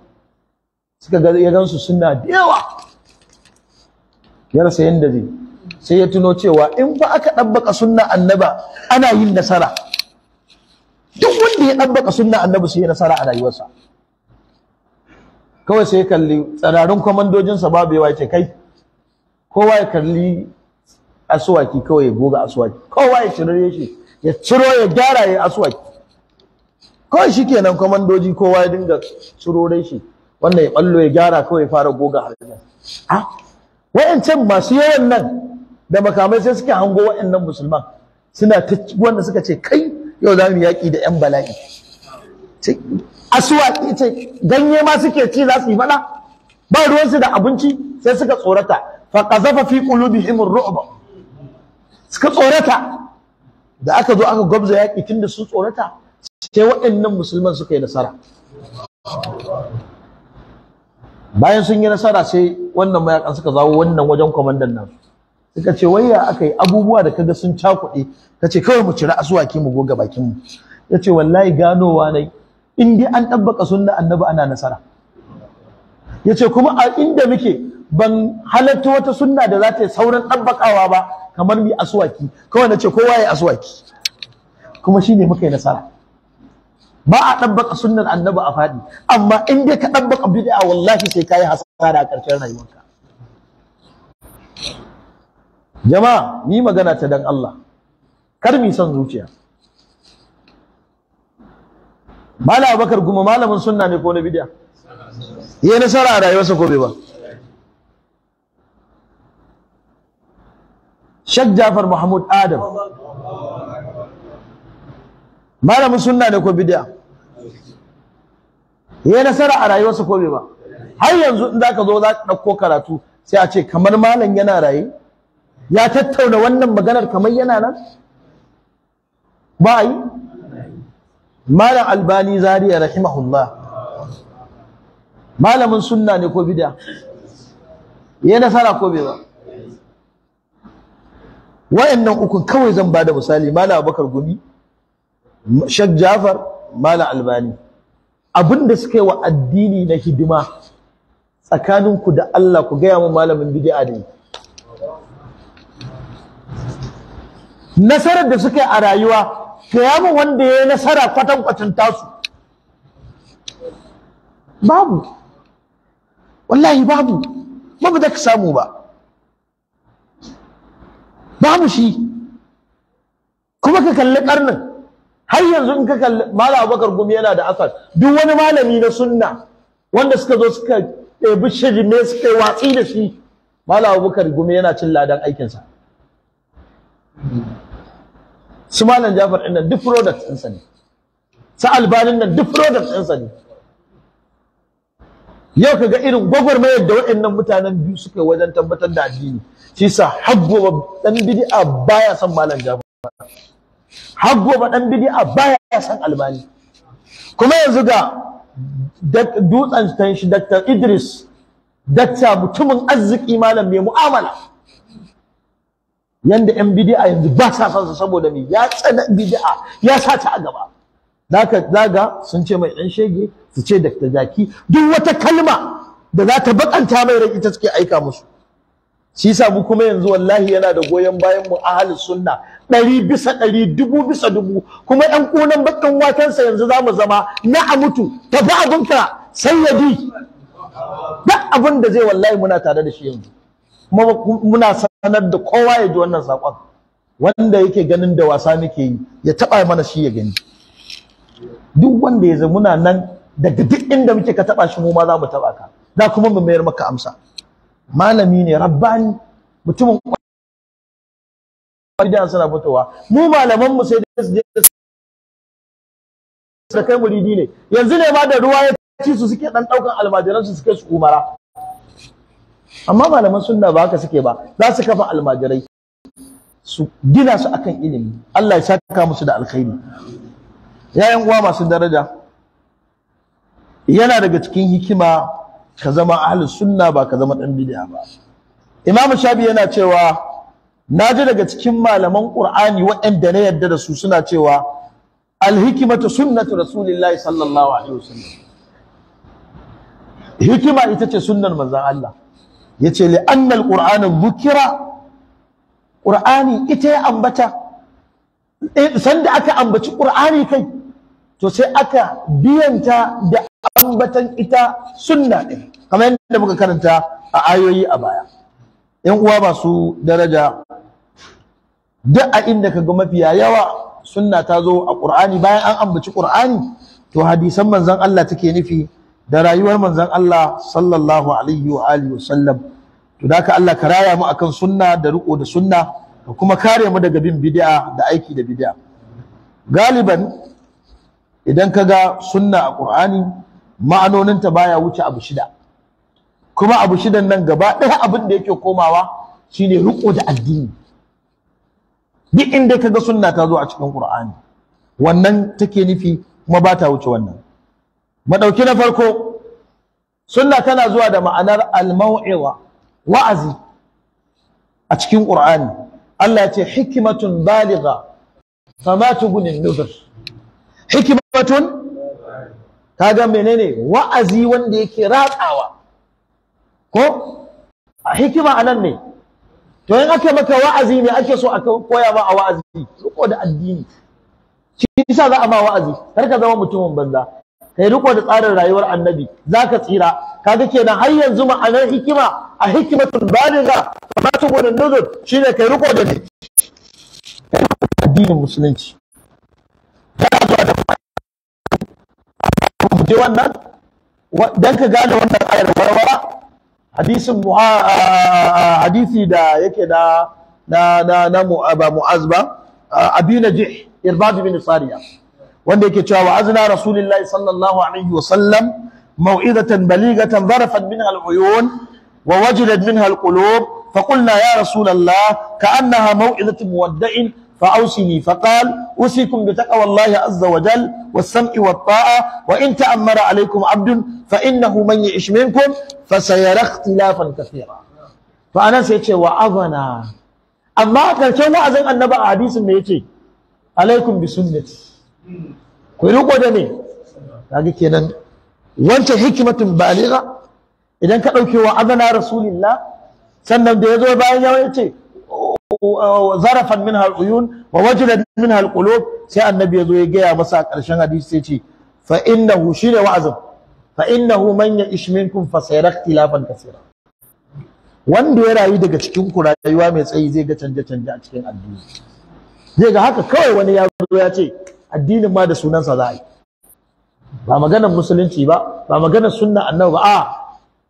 suka ga ya gansu suna da yawa ya rasa yanda zai sai ya tuno cewa in ba aka ɗabbaka sunna annaba ana yin nasara duk wanda ya ɗabbaka sunna annabi sai ya nasara a rayuwarsa kawai sai ya kalli tsararin kwamandojinsa babu yawa ce kai kowa ya kalli asuwaki kawai ya goga asuwaki kowa ya cire shi ya ciro ya gyara ya asuwaki kawai shi kenan kwamandoji kowa ya dinga ciro shi wannan ya ballo ya gyara kawai ya fara goga hanya a wayancan masu yawan nan da makamai sai suke hango wayannan musulman suna ta wanda suka ce kai yau za mu yaƙi da 'yan bala'i asuwa ce ganye ma suke ci za su yi faɗa ba ruwansu da abinci sai suka tsorata fa qazafa fi qulubihim ar-ru'ba suka tsorata da aka zo aka gwabza yaƙi da sun tsorata sai waɗannan musulman suka yi nasara bayan sun yi nasara sai wannan mayakan suka zawo wannan wajen kwamandan nan suka ce wai ya aka yi abubuwa da kaga sun cakuɗe ka ce kawai mu cira asuwaki mu goga bakin mu ya ce wallahi ganowa ne in an ɗabbaka sunna annabi ana nasara ya ce kuma a inda muke ban halatta wata sunna da za ta yi sauran ɗabbakawa ba kamar mi asuwaki kawai na ce kowa ya asuwaki kuma shine muka yi nasara ba a ɗabbaka sunnan annabi a faɗi amma in dai ka ɗabbaka bid'a wallahi sai kayi hasara a ƙarshen rayuwarka jama'a ni magana ta dan Allah kar mi son zuciya Malam Abubakar kuma malamin sunna ne ko na bid'a Ya nasara a rayuwarsa ko bai ba Sheikh Jafar Muhammad Adam malamin sunna ne ko bid'a ya nasara a rayuwarsa ko bai ba har yanzu in zaka zo za ka ɗauko karatu sai a ce kamar malam yana raye ya tattauna wannan maganar kamar yana nan bai yi malam albani zariya rahimahullah malamin sunna ne ko bid'a ya nasara ko bai ba wa'annan uku kawai zan bada misali malam abubakar gumi shak jafar malam albani abin da suka yi wa addini na hidima tsakaninku da Allah ku gaya mu malamin bid'a ne nasarar da suka yi a rayuwa gaya mu wanda ya yi nasara kwatankwacin tasu babu wallahi babu ba da ka samu ba babu shi kuma ka kalli karnin har yanzu in ka kalli malam abubakar gumi yana da asar duk wani malami na sunna wanda suka zo suka ɗebi shirme suka watsi da shi malam abubakar gumi yana cin ladan aikinsa su malam jafar ɗin nan duk product ɗinsa ne su albanin nan duk product ɗinsa ne yau ka ga irin gwagwarmayar da waɗannan mutanen biyu suka wajen tabbatar da addini shi sa habbo ɗan bid'a baya son malam jafar har gobe dan bid'a baya san albani kuma yanzu ga dutsen tan shi Dr. Idris dakta mutumin arziki malam mai mu'amala yanda yan bid'a yanzu ba sa san saboda me ya tsana bid'a ya sa ta a gaba zaka zaga sun ce mai dan shege su ce Dr. Zaki duk wata kalma da za ta bakanta mai rai ta suke aika musu shi yasa kuma yanzu wallahi yana da goyon bayan mu ahli sunna ɗari bisa ɗari dubu bisa dubu kuma ɗan ƙunan bakin wakensa yanzu za zama na a mutu tafi abinka sai ya duk abin da zai wallahi muna tare da shi yanzu muna sanar da kowa ya ji wannan saƙon wanda yake ganin da wasa muke yi ya taɓa mana shi ya gani duk wanda ya zama muna nan daga duk inda muke ka taɓa shi mu ma za mu taɓa ka za kuma mu mayar maka amsa malami ne rabbani mutumin bid'a suna fitowa mu malaman mu sai su je da kai muridi ne yanzu ne ma da ruwa ya ci su suke dan daukan almajiran su suke su umara amma malaman sunna ba haka suke ba za su kafa almajirai su gina su akan ilimi Allah ya saka musu da alkhairi yayan uwa masu daraja yana daga cikin hikima ka zama ahlus sunna ba ka zama dan bid'a ba imamu shafi yana cewa naji daga cikin malaman qur'ani waɗanda na yarda da su suna cewa alhikimatu sunnatu rasulillahi sallallahu alaihi wasallam hikima ita ce sunnar manzon Allah yace li anna alqur'ana dhukira qur'ani ita ya ambata eh, sanda aka ambaci qur'ani kai to sai aka biyanta da ambatan ita sunna din kamar yadda muka karanta a ayoyi a baya yan uwa masu daraja duk a inda kaga mafiya yawa sunna ta zo a Qur'ani bayan an ambaci Qur'ani to hadisan manzon Allah take nufi da rayuwar manzon Allah sallallahu alaihi wa alihi wasallam to da Allah ka raya mu akan sunna da riko da sunna Ka kuma kare mu daga bin bid'a da aiki da bid'a galiban idan kaga sunna a Qur'ani ma'anoninta baya wuce abu shida kuma abu shidan nan gaba ɗaya abin da yake komawa shine riko da addini duk inda ka ga sunna ta zo a cikin Qur'ani wannan take nufi kuma ba ta wuce wannan madauki na farko sunna tana zuwa da ma'anar al-mau'iza wa'azi a cikin Qur'ani Allah ya ce hikmatun baligha fama tughni nuzur hikmatun kaga menene wa'azi wanda yake ratsawa ko hikima anan ne to in aka maka wa'azi me ake so a koya ma a wa'azi riko da addini shi yasa za a ba wa'azi kar ka zama mutumin banza kai riko da tsarin rayuwar annabi zaka tsira kaga kenan har yanzu ma'anar hikima a hikimatul baliga tabatu wa nuzur shine kai riko da addinin musulunci ji wannan dan ka gane wannan ayar warwara hadisin ah, hadisi da yake na na na ah, mu'az ba ah, abina najih irbad bin sariya wanda yake cewa wa azna rasulullahi sallallahu alaihi wa sallam mau'izatan baligatan zarafat minha al-uyun wa wajilat minha al-qulub فقلنا ya رسول الله كأنها موعظة مودع فأوصني فقال أوصيكم بتقوى الله عز وجل والسمع والطاعة وإن تأمر عليكم عبد فإنه من يعش منكم فسيرى اختلافا كثيرا فأنا سيتي وعظنا أما كان كان وعظا النبى حديث ما يتي عليكم بسنتي كيروكو دمي لكن كينا وانت حكمة بالغة إذا كان أوكي وعظنا رسول الله سنة بيزو باين يتي zarafan min hal'uyun, wa wajadan min al sai annabi ya zo ya gaya masa karshen ƙarshen hadisi sai ce fa innahu ne wa'azin fa innahu man manya minkum fa sayara ikhtilafan kasira wanda ya rayu daga cikin ku rayuwa mai tsayi zai ga canje canje a cikin addini zai ga haka kawai wani ya zo ya ce addinin ma da sunansa za a yi ba maganar musulunci ba ba maganar sunna annabi ba a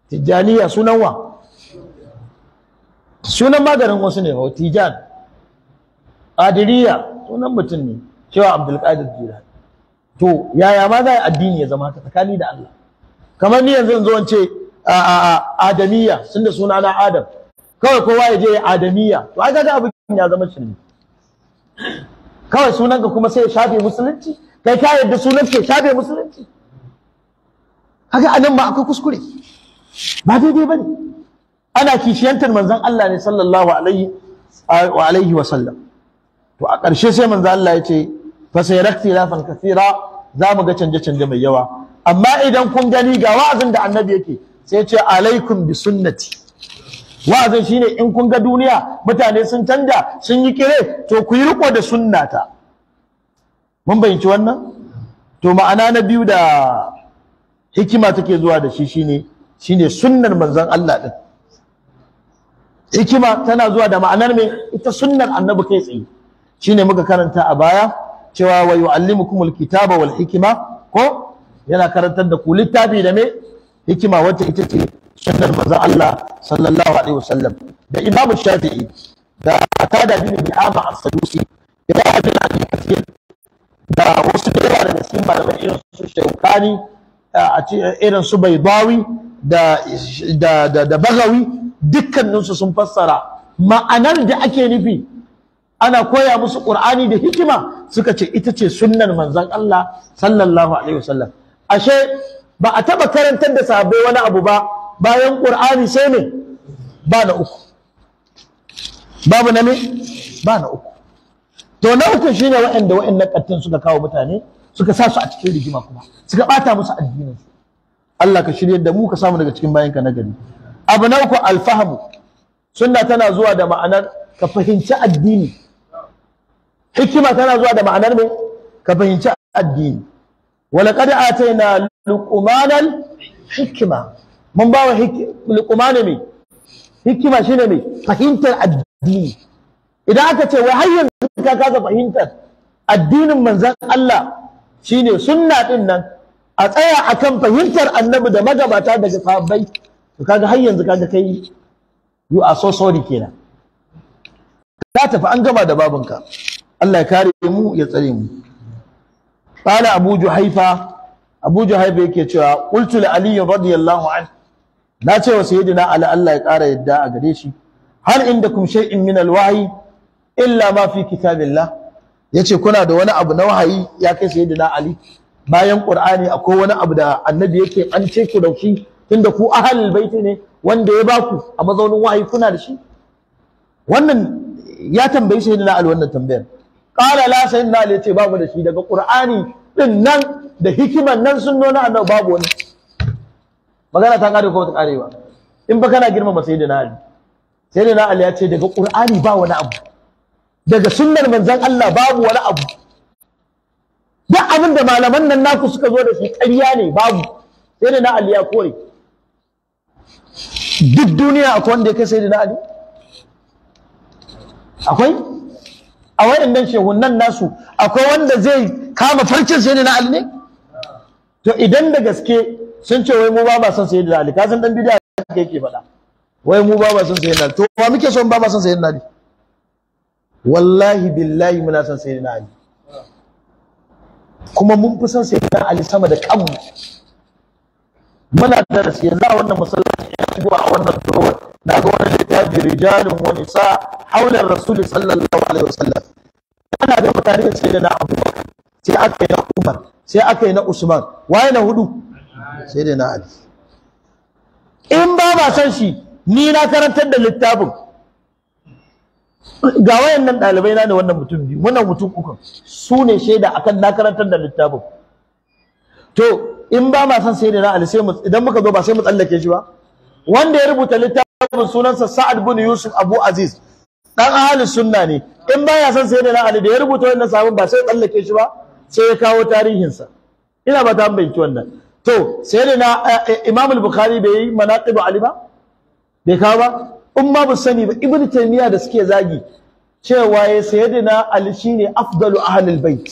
tijjaniya sunan wa sunan maganin wasu ne hoti jan, adiriya sunan mutum ne cewa abdulkadir jira to yaya ma za addini ya zama ta tsakani da Allah kamar ni yanzu zuwan ce adamiya sun da suna na adam kawai kowa ya je adamiya to ai kaga abu ya zama shirme kawai sunan ka kuma sai ya shafe musulunci kai ka yadda sunan ke shafe musulunci kaga anan ma akwai kuskure ba daidai bane ana kishiyantar manzon Allah ne sallallahu alaihi wa alaihi wa sallam to a ƙarshe sai manzon Allah ya ce fa sayrakti lafan kathira za mu ga canje canje mai yawa amma idan kun gani ga wa'azin da annabi yake sai ce alaikum bi sunnati wa'azin shine in kun ga duniya mutane sun canja sun yi kire to ku yi riko da sunnata mun bayyanci wannan to ma'ana na biyu da hikima take zuwa da shi shine shine sunnar manzon Allah din hikima tana zuwa da ma'anar me ita sunnar annabi kai tsaye shine muka karanta a baya cewa wa yu'allimukumul kitaba wal hikima ko yana karantar da ku littafi da me hikima wacce ita ce sunnar manzon Allah sallallahu alaihi wasallam da imamu Shafi'i da atada bin Bi'ama as-Sadusi da abin Abi Kathir da wasu da yawa daga cikin irin su shaukani, a irin su Baydawi da da da Bagawi dukkaninsu sun fassara ma'anar da ake nufi ana koya musu Qur'ani da hikima suka ce ita ce sunnan manzon Allah sallallahu alaihi wasallam ashe ba a taɓa karantar da sahabbai wani abu ba bayan Qur'ani sai ne ba na uku babu na me ba na uku to na uku shine waɗanda waɗannan kattin suka kawo mutane suka sa su a cikin rigima kuma suka bata musu addinin su Allah ka shirye da mu ka samu daga cikin bayanka na gari abu na uku alfahamu tana zuwa da ma'anar ka fahimci addini hikima tana zuwa da ma'anar mai ka fahimci addini wala kada a ta yana hikima mun ba wa lukumanan mai hikima shine mai fahimtar addini idan aka ce wai wa hayyar ta kasa fahimtar addinin manzan Allah shine sunna din nan a tsaya akan fahimtar annabi da magabata daga sahabbai to kaga har yanzu kaga kai you are so sorry kenan ka tafi an gama da babanka Allah ya kare mu ya tsare mu qala abu juhaifa abu juhaifa yake cewa qultu li ali radiyallahu anhu na ce wa sayyidina ali Allah ya kara yadda a gare shi hal indakum shay'in min wahayi illa ma fi kitabillah yace kuna da wani abu na wahayi ya kai sayyidina ali bayan qur'ani akwai wani abu da annabi yake an ce ku dauki tunda ku ahlul baiti ne wanda ya baku a mazaunin wahayi kuna da shi wannan ya tambayi sayyidina Ali wannan tambayar qala la sayyidina Ali yace babu da shi daga qur'ani din nan da hikiman nan sun nuna annabi babu wani magana ta kare ko ta kare ba in ba kana girmama sayyidina Ali sayyidina Ali yace daga qur'ani ba wani abu daga sunnar manzon Allah babu wani abu duk abin da malaman nan naku suka zo da shi ƙarya ne babu sayyidina Ali ya kore duk duniya akwai wanda ya kai sai da ali akwai a waɗannan shehunan nasu akwai wanda zai kama farcin sai da ali ne to idan da gaske sun ce wai mu ba ba san sai da ali ka san dan bidiya kake yake faɗa wai mu ba ba san sai da ali to wa muke son ba ba san sai da ali wallahi billahi muna son sai da ali kuma mun fi son sai da ali sama da kanmu muna darasi yanzu a wannan masallaci ya shigo a wannan turowar na ga wani littafi rijalun wani sa haular rasuli sallallahu alaihi wasallam ana da mutane da sai da na abubakar sai aka yi na umar sai aka yi na usman waye na hudu sai da na ali in ba ba san shi ni na karantar da littafin ga wayannan ɗalibai na ne wannan mutum biyu wannan mutum uku su ne shaida akan na karantar da littafin to in ba ma san sai na ali sai idan muka zo ba sai mu tsallake shi ba wanda ya rubuta littafin sunansa sa'ad bin yusuf abu aziz dan ahli sunna ne in ba ya san sai na ali da ya rubuta wannan sabon ba sai tsallake shi ba sai ya kawo tarihinsa ina ba ta wannan to sai na eh, eh, imam al-bukhari bai yi ali ba bai kawo ba in ba sani ba ibn taymiya da suke zagi cewa ya sayyidina ali shine afdalu ahlul bait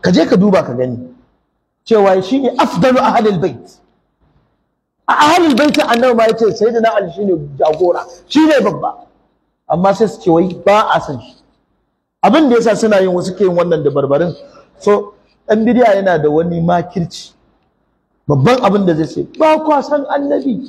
ka je ka duba ka gani cewa shine afdalu ahlul bait a ahlul bait annabi ma yace sayyidina ali shine jagora shine babba amma sai su ce wai ba a san shi abin da yasa suna yin wasu ke yin wannan da barbarin so dan bidiya yana da wani makirci babban abin da zai ce ba kwa san annabi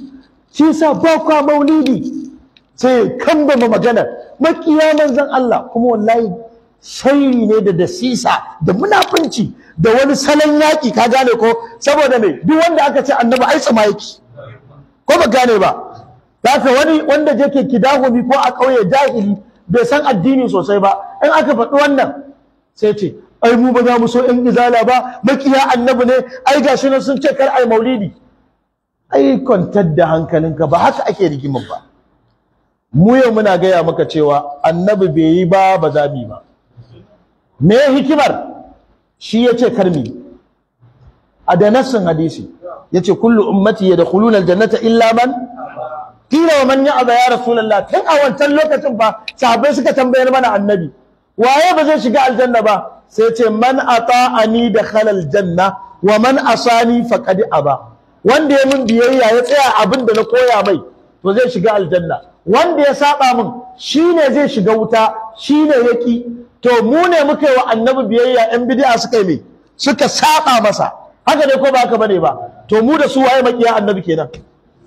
shi sa ba kwa maulidi sai kambama magana makiya manzon Allah kuma wallahi sharri ne da dasisa da munafunci da wani salon yaƙi ka gane ko saboda me duk wanda aka ce annabi ai tsama yake ko ba gane ba haka wani wanda yake kidahumi ko a ƙauye jahili bai san addini sosai ba in aka faɗi wannan sai ce ai mu ba za mu so in izala ba makiya annabi ne ai gashi nan sun ce kar ai maulidi ai kwantar da hankalinka ba haka ake rigimin ba mu yau muna gaya maka cewa annabi bai yi ba ba ba me hikimar shi yace karmi a da hadisi yace kullu ummati yadkhuluna aljannata illa man kila wa man ya'aba ya rasulullah tun a wancan lokacin fa sahabbai suka tambayar mana annabi waye ba zai shiga aljanna ba sai ce man ata'ani dakhala aljanna wa man asani faqad aba wanda ya mun biyayya ya tsaya abin da na koya mai to zai shiga aljanna wanda ya saba mun shine zai shiga wuta shine yaki to mu ne muka yi wa annabi biyayya yan bid'a suka yi suka saba masa haka ne ko ba haka bane ba to mu da su waye makiya annabi kenan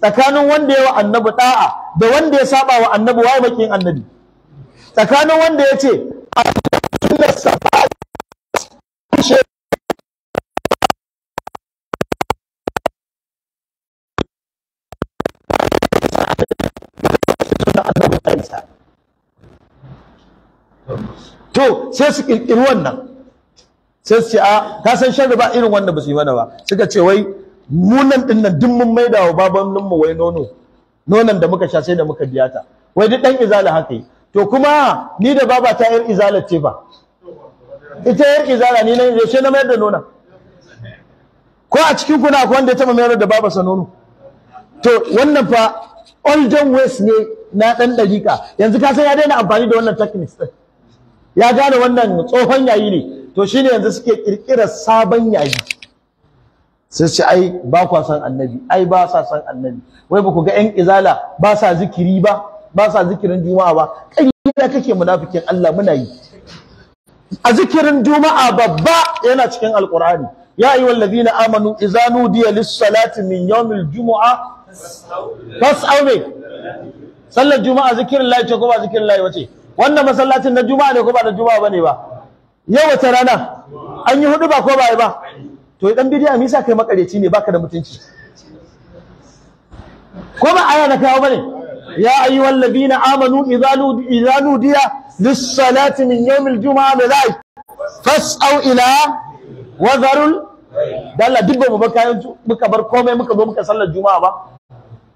tsakanin wanda ya wa annabi da'a da wanda ya saba wa annabi waye makiyin annabi tsakanin wanda ya ce Thank you. to sai su kirkiri wannan sai su ce a ka san sharri ba irin wanda ba su yi mana ba suka ce wai munan din nan duk mun maida wa babannin mu wai nono nonon da muka sha sai da muka biya ta wai duk dan izala haka yi to kuma ni da baba ta yar izala ce ba ita yar izala ni nan yaushe na mayar da nona ko a cikin kuna akwai wanda ya taba mayar da baba sa nono to wannan fa olden ways ne na dan dalika yanzu ka san ya daina amfani da wannan techniques din ya gane wannan tsohon yayi ne to shine yanzu suke kirkirar sabon yayi sai ce ai ba kwa san annabi ai ba sa san annabi wai ba ku ga yan izala ba sa zikiri ba ba sa zikirin juma'a ba ƙarya kake munafikin Allah muna yi a zikirin juma'a babba yana cikin alqur'ani ya ayyuhal ladina amanu idza nudiya lis-salati min yawmil jumu'a fas'au sallar juma'a zikirin lahi ce ko ba zikirin lahi wace wannan masallacin na juma'a ne ko ba na juma'a bane ba yau wata rana an yi hudu ba ko ba ba to dan bidiya me yasa kai makareci ne baka da mutunci ko ba aya na kawo bane ya ayyuhal ladina amanu idza idza nudiya lis-salati min yawmil juma'a bilai fas'au ila wadharul dalla duk mu baka kayan muka bar komai muka zo muka sallar juma'a ba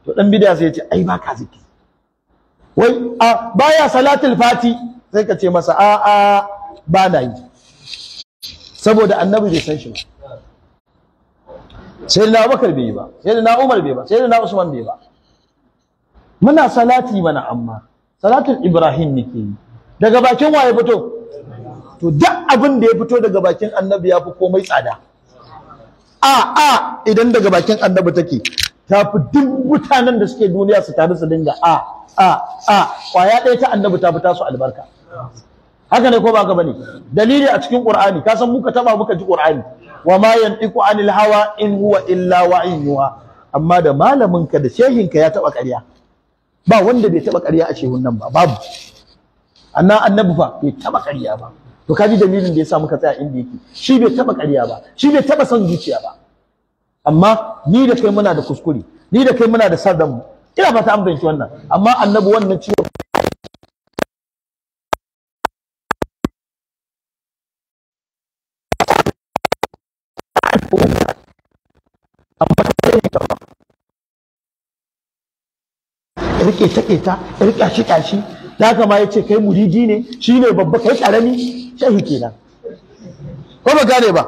to dan bidiya sai ya ce ai baka zikiri wai a baya salatul fati sai ka ce masa a a ba na yi saboda annabi bai san shi ba sai da abubakar bai yi ba sai da umar bai ba sai da usman bai ba muna salati mana amma salatul ibrahim ke yi daga bakin waye fito to duk abin da ya fito daga bakin annabi ya fi komai tsada a a idan daga bakin annabi take tafi fi duk mutanen da suke duniya su taru su dinga a a a kwaya ɗaya ta annabi ta fi tasu albarka haka ne ko ba ka bane dalili a cikin qur'ani ka san muka taba muka ji qur'ani wa ma yantiqu anil hawa in huwa illa wa'in yuha amma da malamin da shehin ka ya taba ƙarya ba wanda bai taba ƙarya a shehun nan ba babu annan annabi fa bai taba ƙarya ba to kaji dalilin da sa muka tsaya inda yake shi bai taba ƙarya ba shi bai taba son zuciya ba amma ni da kai muna da kuskure ni da kai muna da sardan mu ina fata an fahimci wannan amma annabi wannan ciwo rike take ta rike shi kashi da haka ma yace kai muridi ne shine babba kai karami shehu kenan ko ba gane ba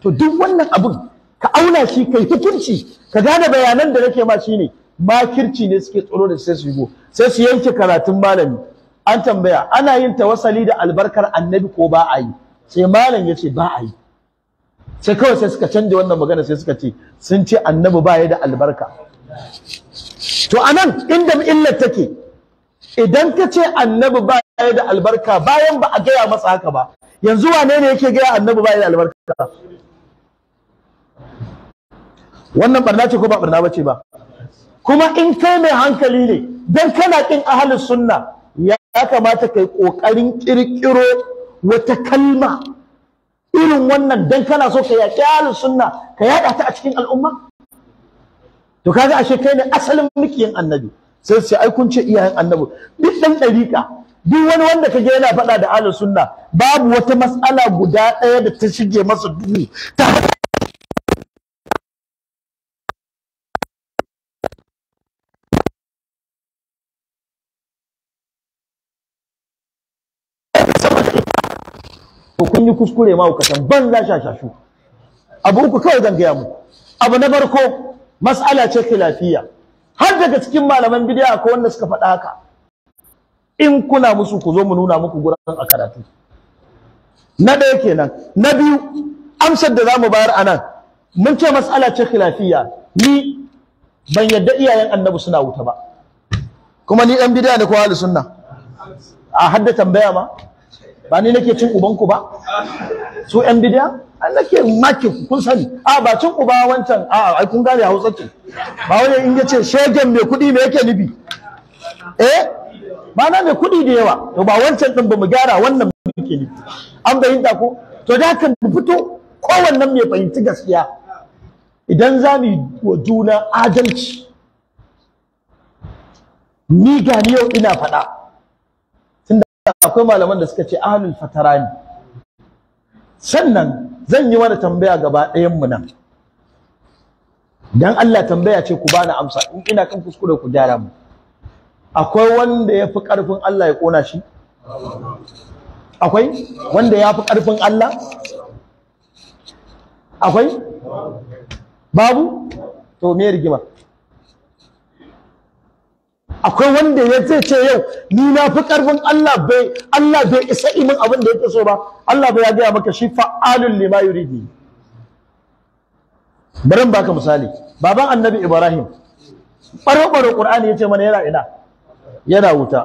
to duk wannan abun ka auna shi kai kirci, ka gane bayanan da nake ma shine makirci ne suke tsoro da sai su yigo sai su yanke karatun malami an tambaya ana yin tawassali da albarkar annabi ko ba a yi sai malam ya ce ba a yi sai kawai sai suka canja wannan magana sai suka ce sun ce annabi ba ya da albarka to anan inda illar take idan ka ce annabi ba ya da albarka bayan ba a gaya masa haka ba yanzu wane ne yake gaya annabi ba ya da albarka wannan barna ce ko ba barna bace ba kuma in kai mai hankali ne dan kana kin ahlus sunna ya kamata kai kokarin kirkiro wata kalma irin wannan dan kana so ka yaƙi ahlus sunna ka yaɗa ta a cikin al'umma to kaga ashe kai ne asalin mukiyin annabi sai sai ai kun ce iyayen annabi duk dan dariƙa duk wani wanda kaje yana faɗa da ahlus sunna babu wata matsala guda ɗaya da ta shige masa duhu ta ko kun yi kuskure ma kasan ban za shashashu abu kawai zan gaya mu abu na farko mas'ala ce khilafiyya har daga cikin malaman bidiya akwai wanda suka faɗa haka in kuna musu ku zo mu nuna muku guran a karatu na ɗaya kenan na biyu amsar da zamu mu bayar nan mun ce mas'ala ce khilafiyya ni ban yadda iyayen annabi suna wuta ba kuma ni ɗan bidiya ne ko ahlus sunna a hadda tambaya ma ba ni nake cin ubanku ba su yan bidiya an nake maki ku kun sani a ba cin uba wancan a ai kun gane hausa ce ba wani in yace shegen mai kuɗi me yake nufi eh ba na mai kuɗi da yawa to ba wancan din ba mu gyara wannan muke nufi an fahimta ko to da kan mu fito kowannen mai fahimci gaskiya idan za mu wa juna adalci ni ga ni yau ina faɗa akwai malaman da suka ce ahlul fatara ne sannan zan yi wani tambaya gaba ɗayan mu nan dan Allah tambaya ce ku bani amsa in ina kan kuskure ku gyara mu akwai wanda ya fi ƙarfin Allah ya ƙona shi akwai wanda ya fi ƙarfin Allah akwai babu to me rigima akwai wanda ya zai ce yau ni na fi karfin Allah bai Allah bai isa imin abin da yake so ba Allah bai ya gaya maka shi fa'alun lima yuridi bari baka misali baban annabi Ibrahim baro-baro Qur'ani yace mana yana ina yana wuta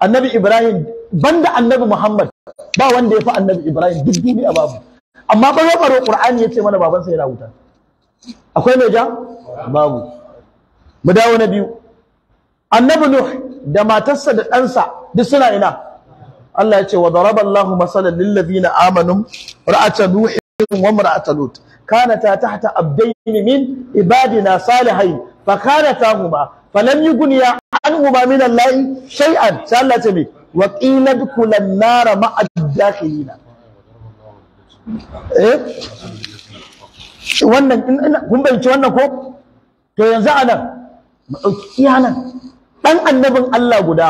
annabi Ibrahim banda annabi Muhammad ba wanda ya fi annabi Ibrahim duk duniya babu amma baro-baro Qur'ani yace mana babansa yana wuta akwai mai ja babu mu dawo na biyu annabi nuh da matarsa da ɗansa duk suna ina Allah ya ce wa daraba Allahu masalan lil ladina amanu ra'ata nuh wa imra'ata lut kanata tahta abdayn min ibadina salihain fa kanatahuma falam yughniya anhuma min Allah shay'an sai Allah ya ce wa qila dukulan nara ma'a dakhilina eh wannan kun bayyana wannan ko to yanzu anan mu dauki iya nan ɗan annabin Allah guda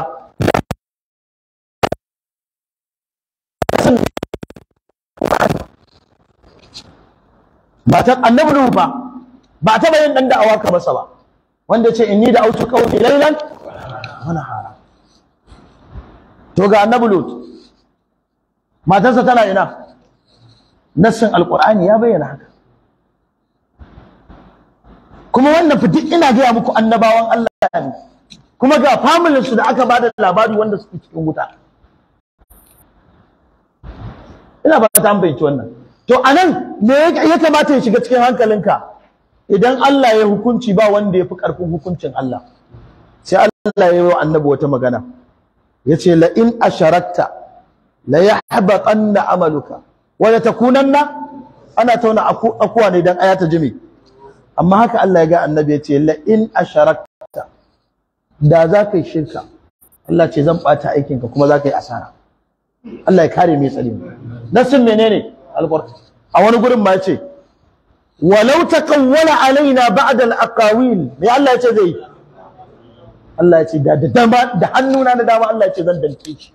ba ta annabin ba ba ta bayan ɗan da'awa ka masa ba wanda ce inni da autu qaumi lailan wa hara. to ga annabi lut matarsa tana ina nassin Alƙur'ani ya bayyana haka kuma wannan fiti ina gaya muku annabawan Allah ne kuma ga familin su da aka bada labari wanda suke cikin wuta ina ba ta ambaci wannan to anan me ya kamata ya shiga cikin hankalinka idan Allah ya hukunci ba wanda ya fi karfin hukuncin Allah sai Allah ya yi annabi wata magana yace la in asharakta la yahbatanna amaluka wa la takunanna ana tauna akuwa ne dan aya ta jimi amma haka Allah ya ga annabi yace la in asharakta da za ka yi shirka Allah ce zan ɓata aikinka kuma za ka yi asara Allah ya kare mai tsari nasin menene alƙur'ani a wani gurin ma ce walau taqawwala alaina ba'da al-aqawil me Allah ya ce zai Allah ya ce da dama da hannuna na dama Allah ya ce zan danke shi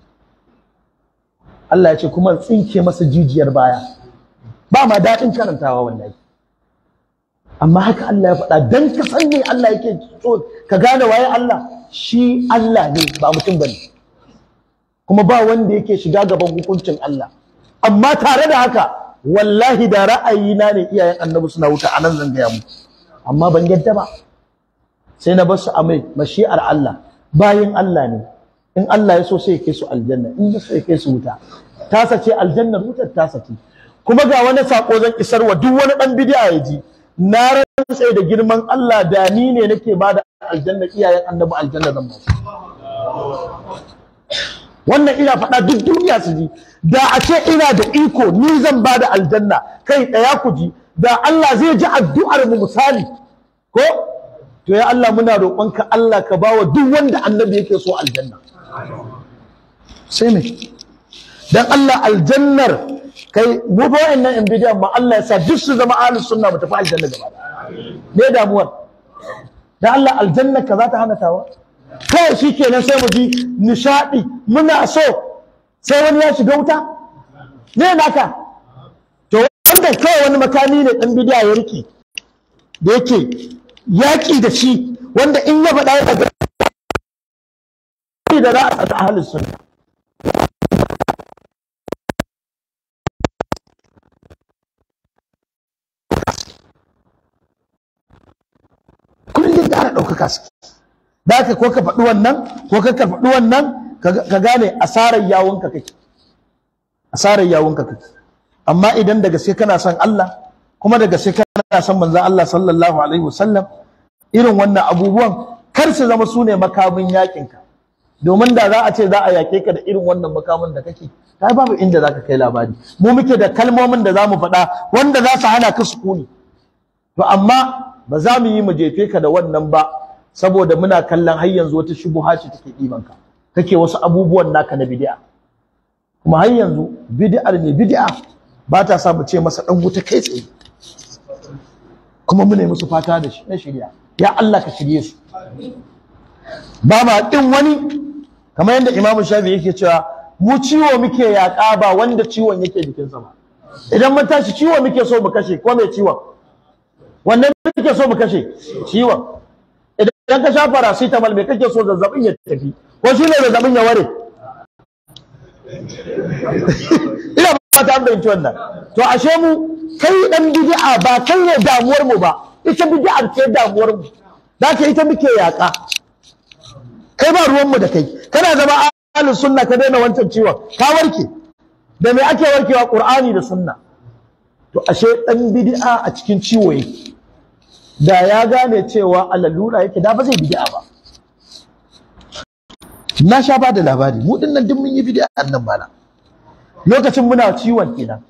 Allah ya ce kuma tsinke masa jijiyar baya ba ma daɗin karantawa wallahi amma haka Allah ya faɗa dan ka san me Allah yake so ka gane waye Allah shi Allah ne ba mutum ba ne kuma ba wanda yake shiga gaban hukuncin Allah amma tare da haka wallahi da ra'ayina ne iyayen annabi suna wuta anan zan gaya mu amma ban yadda ba sai na basu su a mai mashi'ar Allah bayan Allah ne in Allah ya so sai ya kai su aljanna in ya so ya kai su wuta ta sace aljannar wutar ta sace kuma ga wani sako zan isarwa duk wani dan bid'a ya ji na rantsai da girman Allah da ni ne nake ba da aljanna iyayen annabi aljanna zan ba wannan ina faɗa duk duniya su ji da a ce ina da iko ni zan ba da aljanna kai ɗaya ku ji da Allah zai ji addu'ar mu misali ko to ya Allah muna roƙonka Allah ka bawa duk wanda annabi yake so aljanna sai me dan Allah aljannar kai mu fa wa'annan yan bidiyan ma Allah ya sa duk su zama ahlus sunna mu tafi aljanna gaba me damuwar da Allah aljanna ka za ta hana tawa kawai shi kenan sai mu ji nishaɗi muna so sai wani ya shiga wuta ne naka to wanda kawai wani makami ne dan bidiya ya rike da yake yaki da shi wanda in ya faɗa ya da za a tsada ahalin sunna ɗaukaka su da ka ko ka faɗi wannan ko ka faɗi wannan ka gane asarar ka kake asarar ka kake amma idan daga sai kana son Allah kuma daga sai kana son manzon Allah sallallahu alaihi wasallam irin wannan abubuwan kar su zama sune makamin yakin ka domin da za a ce za a yake ka da irin wannan makamin da kake kai babu inda zaka kai labari mu muke da kalmomin da zamu faɗa wanda za su hana ka sukuni to amma ba za mu yi mu jefe ka da wannan ba saboda muna kallon har yanzu wata shubuha ce take imanka, ka kake wasu abubuwan naka na bid'a kuma har yanzu bid'ar ne bid'a ba ta sa mu ce masa dan wuta kai tsaye kuma mu ne musu fata da shi na shirya ya Allah ka shirye su ba ma din wani kamar yadda Imam Shafi yake cewa mu ciwo muke yaƙa ba wanda ciwon yake jikinsa ba idan mun tashi ciwo muke so mu kashe ko mai ciwon wannan kake so mu kashe ciwon idan ka sha paracetamol me kake so zazzabin ya tafi ko shi ne zazzabin ya ware ina ba ta ambaci wannan to ashe mu kai dan bid'a ba kai ne damuwar mu ba ita bid'a ce damuwar mu da ke ita muke yaka kai ba ruwan mu da kai kana zama ahlus sunna ka daina wancan ciwon ka warke da me ake warkewa qur'ani da sunna to ashe dan bid'a a cikin ciwo yake da ya gane cewa alalura yake da ba zai bid'a ba na sha ba da labari mu dinnan duk mun yi bid'a nan bana lokacin muna ciwon kenan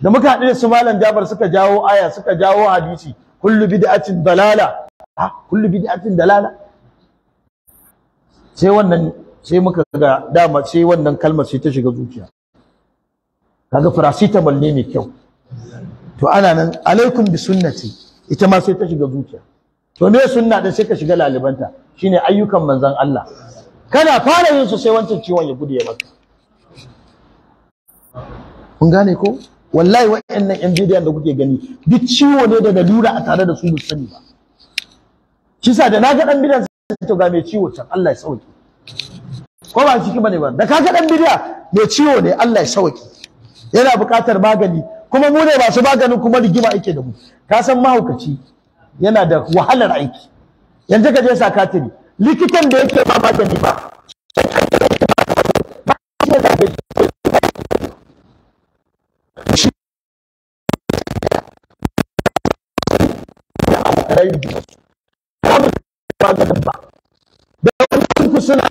da muka haɗu da su malam Jabar suka jawo aya suka jawo hadisi kullu bid'atin dalala ha kullu bid'atin dalala sai wannan sai muka ga dama sai wannan kalmar sai ta shiga zuciya kaga malle ne mai kyau to ana nan alaikum bi sunnati ita ma sai ta shiga zuciya to ne sunna da sai ka shiga lalibanta shine ayyukan manzon Allah kana fara yin su sai wancan ciwon ya gudu ya maka kun gane ko wallahi waɗannan yan bidiyan da kuke gani duk ciwo ne da lura a tare da su ba sani ba shi sa da naga dan sai to ga mai ciwo can Allah ya sauke ko ba ciki bane ba da kaga dan bidiya mai ciwo ne Allah ya sauke yana buƙatar magani kuma mu ne masu maganin kuma rigima ake da mu ka san mahaukaci yana da wahalar aiki yanzu ka je sakatiri likitan da yake ba magani ba ba suna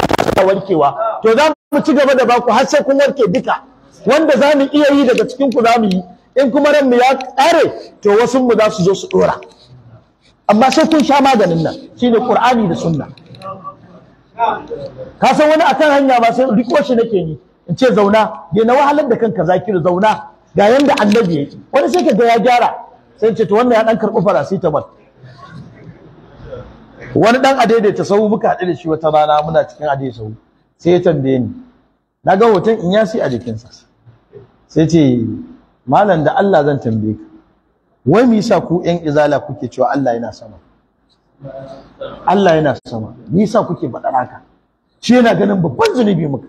warkewa to za mu ci gaba da baku har sai kun warke duka wanda za mu iya yi daga cikin ku za mu yi in kuma ranmu ya ƙare to wasu mu za su zo su ɗora amma sai kun sha maganin nan shine qur'ani da sunna ka san wani akan hanya ba sai riko shi nake yi in ce zauna ya na wahalar da kanka da zauna ga yanda annabi yake wani sai ka ga ya gyara sai ce to wannan ya dan karɓi farasitamol. wani dan adaidaita sahu muka haɗu da shi wata rana muna cikin adaidaita sau sai ya tambaye ni na ga hoton in ya si a jikinsa sai ce malam da Allah zan tambaye ka wai me yasa ku yan izala kuke cewa Allah yana sama Allah yana sama me yasa kuke faɗar haka shi yana ganin babban zunubi muka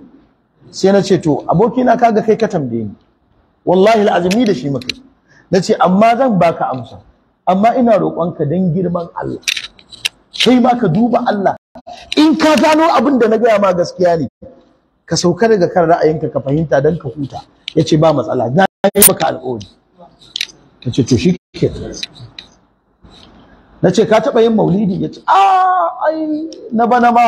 sai na ce to abokina kaga kai ka tambaye ni wallahi ni da shi muka na ce amma zan baka amsa amma ina roƙonka don girman Allah kai ma ka duba Allah in ka gano abin da na gaya ma gaskiya ne ka sauka daga kan ra'ayinka ka fahimta don ka huta ya ce ba matsala an yi maka alƙawari ta ce to shi ke na ce ka taɓa yin maulidi ya ce a ah, ai na bana ma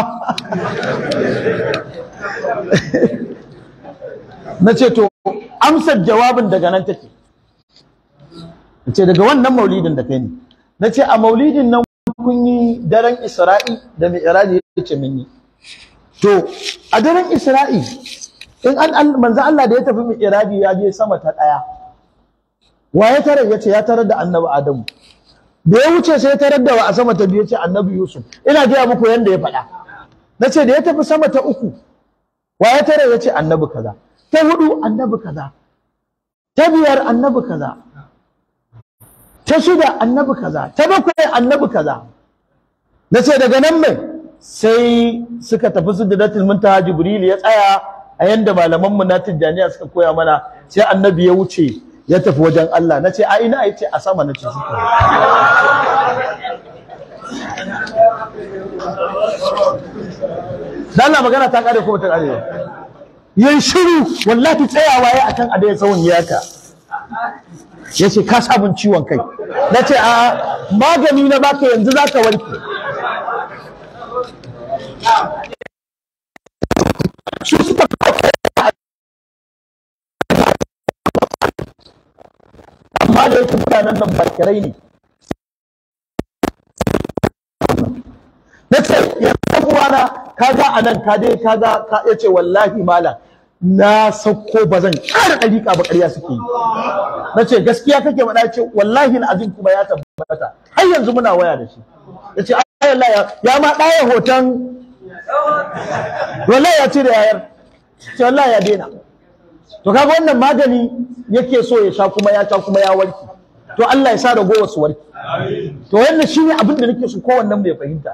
na ce to amsar jawabin daga nan take na ce daga wannan maulidin da kai ne na ce a maulidin nan kun yi daren isra'i da mai iraji ya ce mun yi to a daren isra'i in manzo Allah da ya tafi mi'rabi ya je sama ta daya wa ya tarar yace ya tarar da annabi Adamu da ya wuce sai ya tarar da wa a sama ta biyu yace annabi Yusuf ina ga muku yanda ya faɗa nace da ya tafi sama ta uku wa ya tarar yace annabi kaza ta hudu annabi kaza ta biyar annabi kaza ta shida annabi kaza ta bakwai annabi kaza nace daga nan mai sai suka tafi datin muntaha jibril ya tsaya a yanda malaman mu na tijjaniya suka koya mana sai annabi ya wuce ya tafi wajen Allah nace a ina yace a sama nace suka magana ta kare ko ta kare yin shiru wallahi tsayawa ya akan adai tsawon yaka yace ka sabon ciwon kai nace a magani na baka yanzu zaka warke mutanen nan barkirai ne nace yanzu uwana kaga anan ka dai kaga ka yace wallahi mala na sauko ba zan ƙara alika ba ƙarya suke yi na ce gaskiya kake faɗa ce wallahi na azin kuma ya tabbata har yanzu muna waya da shi ya ce Allah ya ma ɗaya hoton wallahi ya ce da yayar ce wallahi ya daina to kaga wannan magani yake so ya sha kuma ya sha kuma ya warke to Allah ya sa ragowar su warke to wannan shine abin da nake so kowannen ya fahimta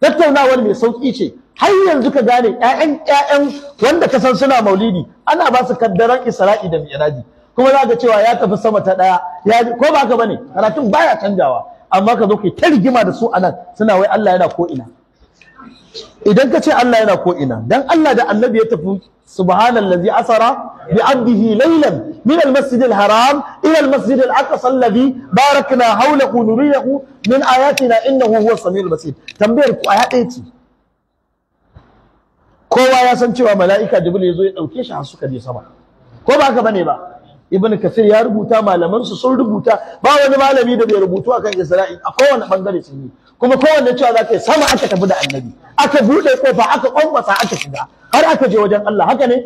tattaunawar mai sauki ce har yanzu ka gane ƴaƴan ƴaƴan wanda ka san suna maulidi ana ba su kaddaran Isra'i da Mi'raji kuma za ka cewa ya tafi sama ta ɗaya. ya ko ba ka bane karatun baya canjawa amma ka zo kai ta rigima da su anan suna wai Allah yana ko ina idan ka ce Allah yana ko ina dan Allah da Annabi ya tafi سبحان الذي أسرى بعبده ليلا من المسجد الحرام إلى المسجد الأقصى الذي باركنا حوله نريه من آياتنا إنه هو السميع البصير تنبير آياتي kowa ya san cewa mala'ika jibril yazo ya dauke shi har suka je sama ko ba haka bane ba ibnu kasir ya rubuta malamansu sun rubuta ba wani malami da bai rubutu akan isra'i a kowane bangare sun yi kuma kowanne cewa za ka yi sama aka tafi da annabi aka buɗe kofa aka kwankwasa aka shiga har aka je wajen Allah haka ne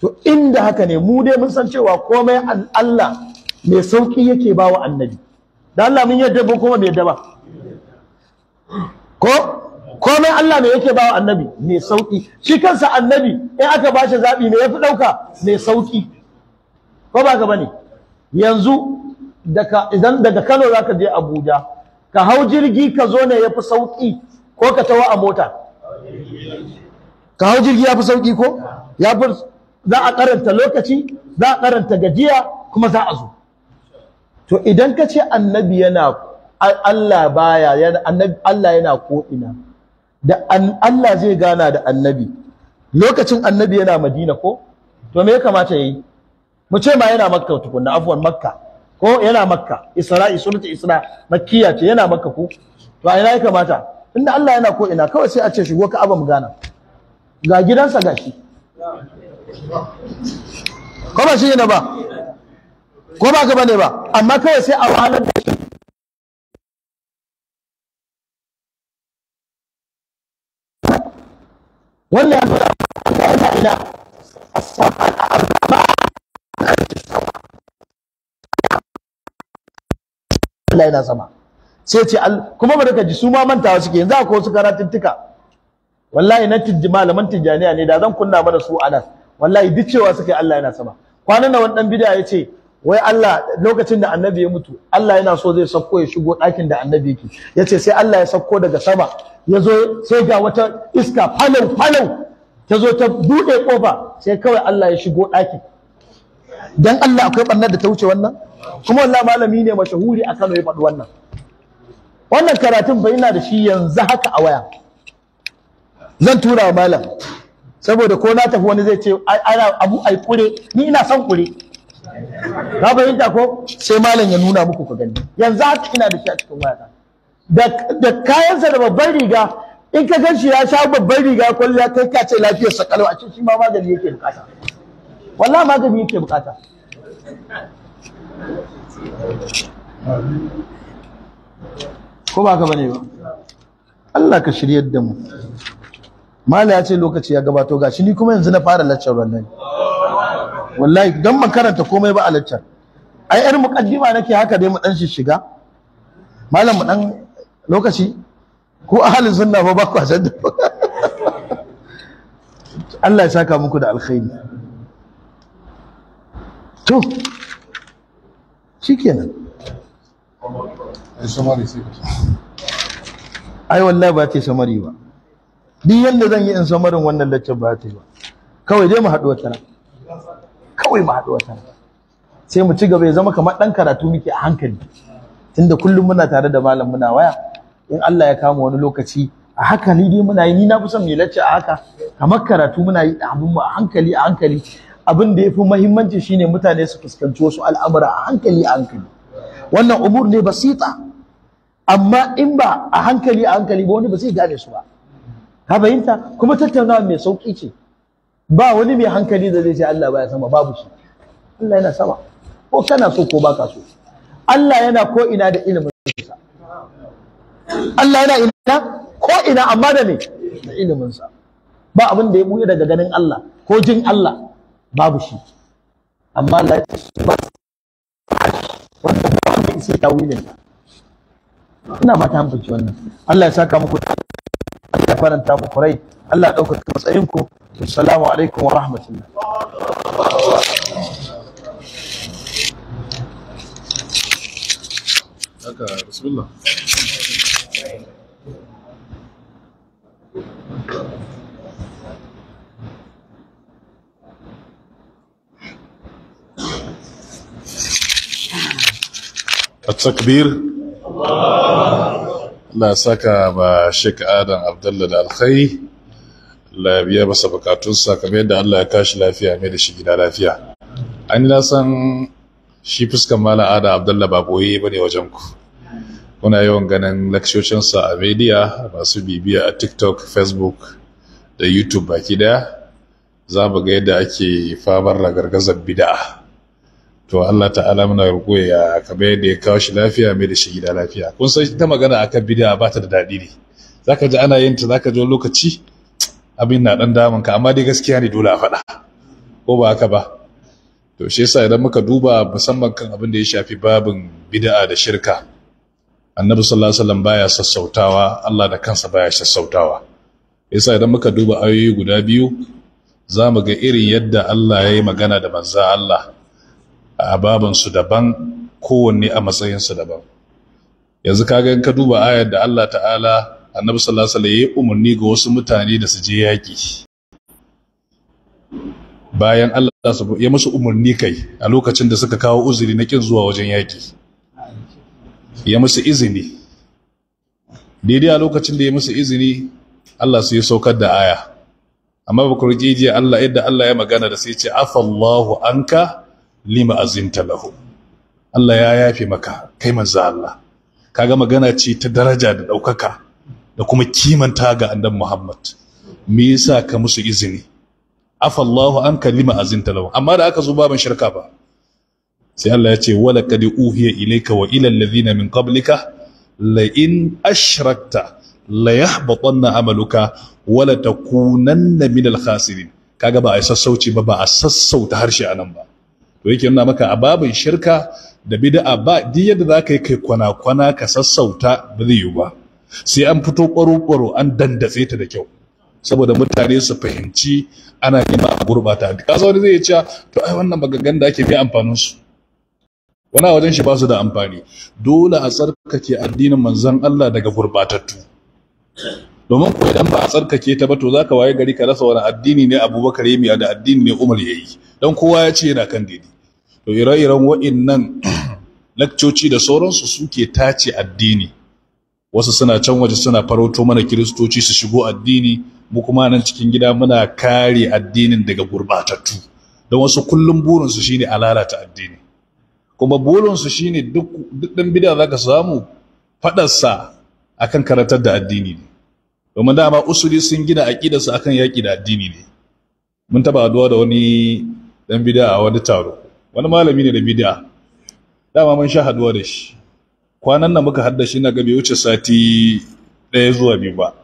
to inda haka ne mu dai mun san cewa komai Allah mai sauki yake bawa annabi da Allah mun yadda ba kuma bai yadda ba ko komai Allah mai yake bawa annabi mai sauki shi kansa annabi in aka ba shi zabi me yafi dauka mai sauki ko ba ka bane yanzu daga idan daga Kano zaka je Abuja ka hau jirgi ka zo ne ya fi sauƙi ko ka tawa a mota ka hau jirgi ya fi sauƙi ko ya fi za a karanta lokaci za a karanta gajiya kuma za a zo to idan ka ce annabi yana Allah baya annabi Allah yana ko ina da Allah zai gana da annabi lokacin annabi yana Madina ko to me ya kamata yayi mu ce ma yana Makka tukunna afwan Makka ko yana makka isra'i surata isra makkiya ce yana makka ko to a ina ya kamata inda Allah yana ko ina kawai sai a ce shigo ka aba mu gana ga gidansa gashi ko ba shi ne ba ko ba ka bane ba amma kawai sai a halar da shi wannan ya Allah yana sama sai ce kuma ba daga ji su ma mantawa suke yanzu akwai karatun tuka. wallahi na tijji malaman tijjaniya ne da zan kunna mana su anas wallahi duk cewa suka Allah yana sama kwanan nan wani dan bid'a ya ce wai Allah lokacin da annabi ya mutu Allah yana so zai sauko ya shigo ɗakin da annabi yake ya ce sai Allah ya sauko daga sama ya zo sai ga wata iska falau falau ta zo ta buɗe ƙofa sai kawai Allah ya shigo ɗakin dan Allah akwai ɓarnar da ta wuce wannan kuma wallahi malami ne mashahuri a Kano ya faɗi wannan wannan karatun bai ina da shi yanzu haka a waya zan tura wa malam saboda ko na tafi wani zai ce ana abu ai kure ni ina son kure na fahimta ko sai malam ya nuna muku ku gani yanzu haka ina da shi a cikin waya da kayansa da babban riga in ka gan shi ya sha babban riga kwalliya kai ka ce lafiyarsa kalau a cikin shi ma magani yake bukata wallahi magani yake bukata ko ba ka bane ba Allah ka shiryar da mu mala ya ce lokaci ya gabato gashi ni kuma yanzu na fara laccar wannan wallahi don makaranta komai ba a laccar ai yar mukaddima nake haka dai mu dan shiga malam mu dan lokaci ko ahalin sunna ba ba ku da Allah ya saka muku da alkhairi to shikenan ai wallahi ba ta samari ba duk yadda zan yi in samarin wannan laccar ba ta ba kawai dai mu haɗu wata nan kawai mu haɗu wata nan sai mu ci gaba ya zama kamar ɗan karatu muke a hankali tunda kullum muna tare da malam muna waya in Allah ya kama wani lokaci a haka ni dai muna yi ni na fi son mai lacce a haka kamar karatu muna yi abin mu a hankali a hankali abin da ya fi muhimmanci shine mutane su fuskanci wasu al'amura a hankali a hankali wannan umur ne basita amma in ba a hankali a hankali ba wani ba zai gane su ba ka bayinta kuma tattaunawa mai sauƙi ce ba wani mai hankali da zai ce Allah baya sama babu shi Allah yana sama ko kana so ko baka so Allah yana ko ina da ilimin sa Allah yana ina ko ina amma da me da ilimin sa ba abin da ya buya daga ganin Allah ko jin Allah babu shi amma Allah ya ce wanda ba wanda isa ta wilin ina mata hankali fahimci wannan Allah ya saka muku Allah ya faranta muku rai Allah ya ɗaukaka matsayinku assalamu alaikum wa rahmatullah haka bismillah التكبير Allah saka ba Sheikh Adam Abdullah da alkhai la biya masa bukatunsa kamar yadda Allah ya kashi lafiya mai da shi gida lafiya. An na san shi fuskan Malam Adam Abdullah ba boye bane wajen ku. Kuna yawan ganin lakshocinsa a midiya masu bibiya a TikTok, Facebook da YouTube baki ɗaya. Za mu ga yadda ake famar ragargazar bida'a. to Allah ta'ala muna roƙo ya kamar yadda ya kawo shi lafiya mai da shi gida lafiya kun san ta magana akan bid'a ba ta da daɗi ne zaka ji ana yin ta zaka ji lokaci abin na dan damun ka amma dai gaskiya ne dole a faɗa ko ba haka ba to shi yasa idan muka duba musamman kan abin da ya shafi babin bid'a da shirka annabi sallallahu alaihi wasallam baya sassautawa Allah da kansa baya sassautawa yasa idan muka duba ayoyi guda biyu za mu ga irin yadda Allah ya yi magana da manzan Allah a babansu daban kowanne a matsayin su daban yanzu kaga in ka duba ayar da Allah ta'ala annabi sallallahu alaihi wasallam ya umarni ga wasu mutane da su je yaki bayan Allah ya musu umarni kai a lokacin da suka kawo uzuri na kin zuwa wajen yaki ya musu izini daidai a lokacin da ya musu izini Allah su yi saukar da aya amma ba ku jiya Allah yadda Allah ya magana da sai ce afallahu anka lima azinta lahu Allah ya yafe maka kai manzo Allah kaga magana ce ta daraja da ɗaukaka da kuma kimanta ga annabi Muhammad me yasa ka musu izini afallahu anka lima azinta lahu amma da aka zo baban shirka ba sai Allah ya ce wala kad uhiya ilayka wa ila alladhina min qablika la in ashrakta la yahbatanna amaluka wala takunanna min al kaga ba a sassauci ba ba a sassauta harshe anan ba to yake nuna maka a babin shirka da bid'a ba duk yadda za ka yi kai kwana-kwana ka sassauta ba zai yiwu ba sai an fito ƙwaro-ƙwaro an dandatse ta da kyau saboda mutane su fahimci ana nema a gurɓata zo wani zai ce to ai wannan magagan da ake bi amfanin su wani a wajen shi ba su da amfani dole a tsarkake addinin manzon Allah daga gurbatattu. domin ko idan ba a tsarkake ta ba to zaka waye gari ka rasa wani addini ne Abubakar ya da addini ne Umar yayi don kowa ya ce yana kan daidai to ire-iren wa'innan lakcoci da sauransu suke tace addini wasu suna can waje suna farauto mana kiristoci su shigo addini mu kuma nan cikin gida muna kare addinin daga gurbatattu don wasu kullum burinsu shine a lalata addini kuma burinsu shine duk ɗan bida za ka samu faɗarsa akan karatar da addini ne domin dama usuli sun gina aƙidarsu akan yaƙi da addini ne mun taɓa addu'a da wani dan bid'a a wani taro wani malami ne da bid'a dama mun sha haduwa da shi kwanan nan muka haddashi na gabe wuce sati ɗaya zuwa biyu ba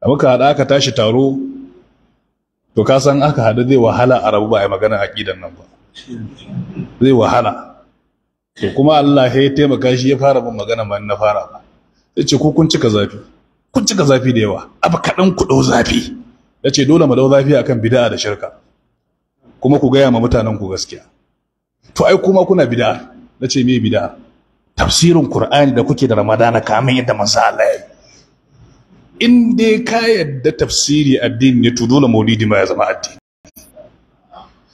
da muka haɗa aka tashi taro to ka san aka haɗu zai wahala a rabu ba a yi magana ƙidan nan ba zai wahala to kuma Allah ya taimaka shi ya fara min magana ba na fara ba ya ce ku kun cika zafi kun cika zafi da yawa abu kaɗan ku ɗau zafi ya ce dole mu ɗau zafi akan bida'a da shirka kuma ku gaya ma mutanen ku gaskiya to ai kuma kuna bid'a na ce me bid'a tafsirin Qur'ani da kuke da Ramadana kamin yadda manzo Allah in dai ka yadda tafsiri addini ne to dole maulidi ma ya zama addini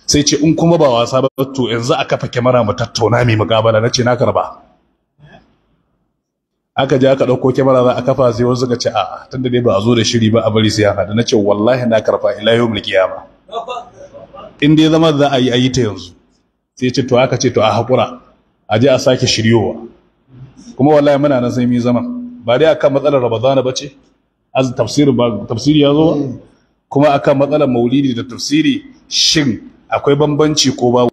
sai ce in kuma ba wasa ba to yanzu a kafa kyamara mu tattauna mai mukabala na ce na karba aka je aka ɗauko kyamara za a kafa sai wasu suka ce a'a tunda dai ba a zo da shiri ba a bari sai hana da na ce wallahi na karfa ila yau mulki ba in dai zama za a yi a yi ta yanzu sai ce to aka ce to a haƙura a je a sake shiryowa kuma wallahi muna nan sai mu zaman. ba dai akan matsalar ramadana ba ce az tafsir ba tafsiri ya zo hmm. kuma akan matsalar maulidi da tafsiri shin akwai bambanci ko ba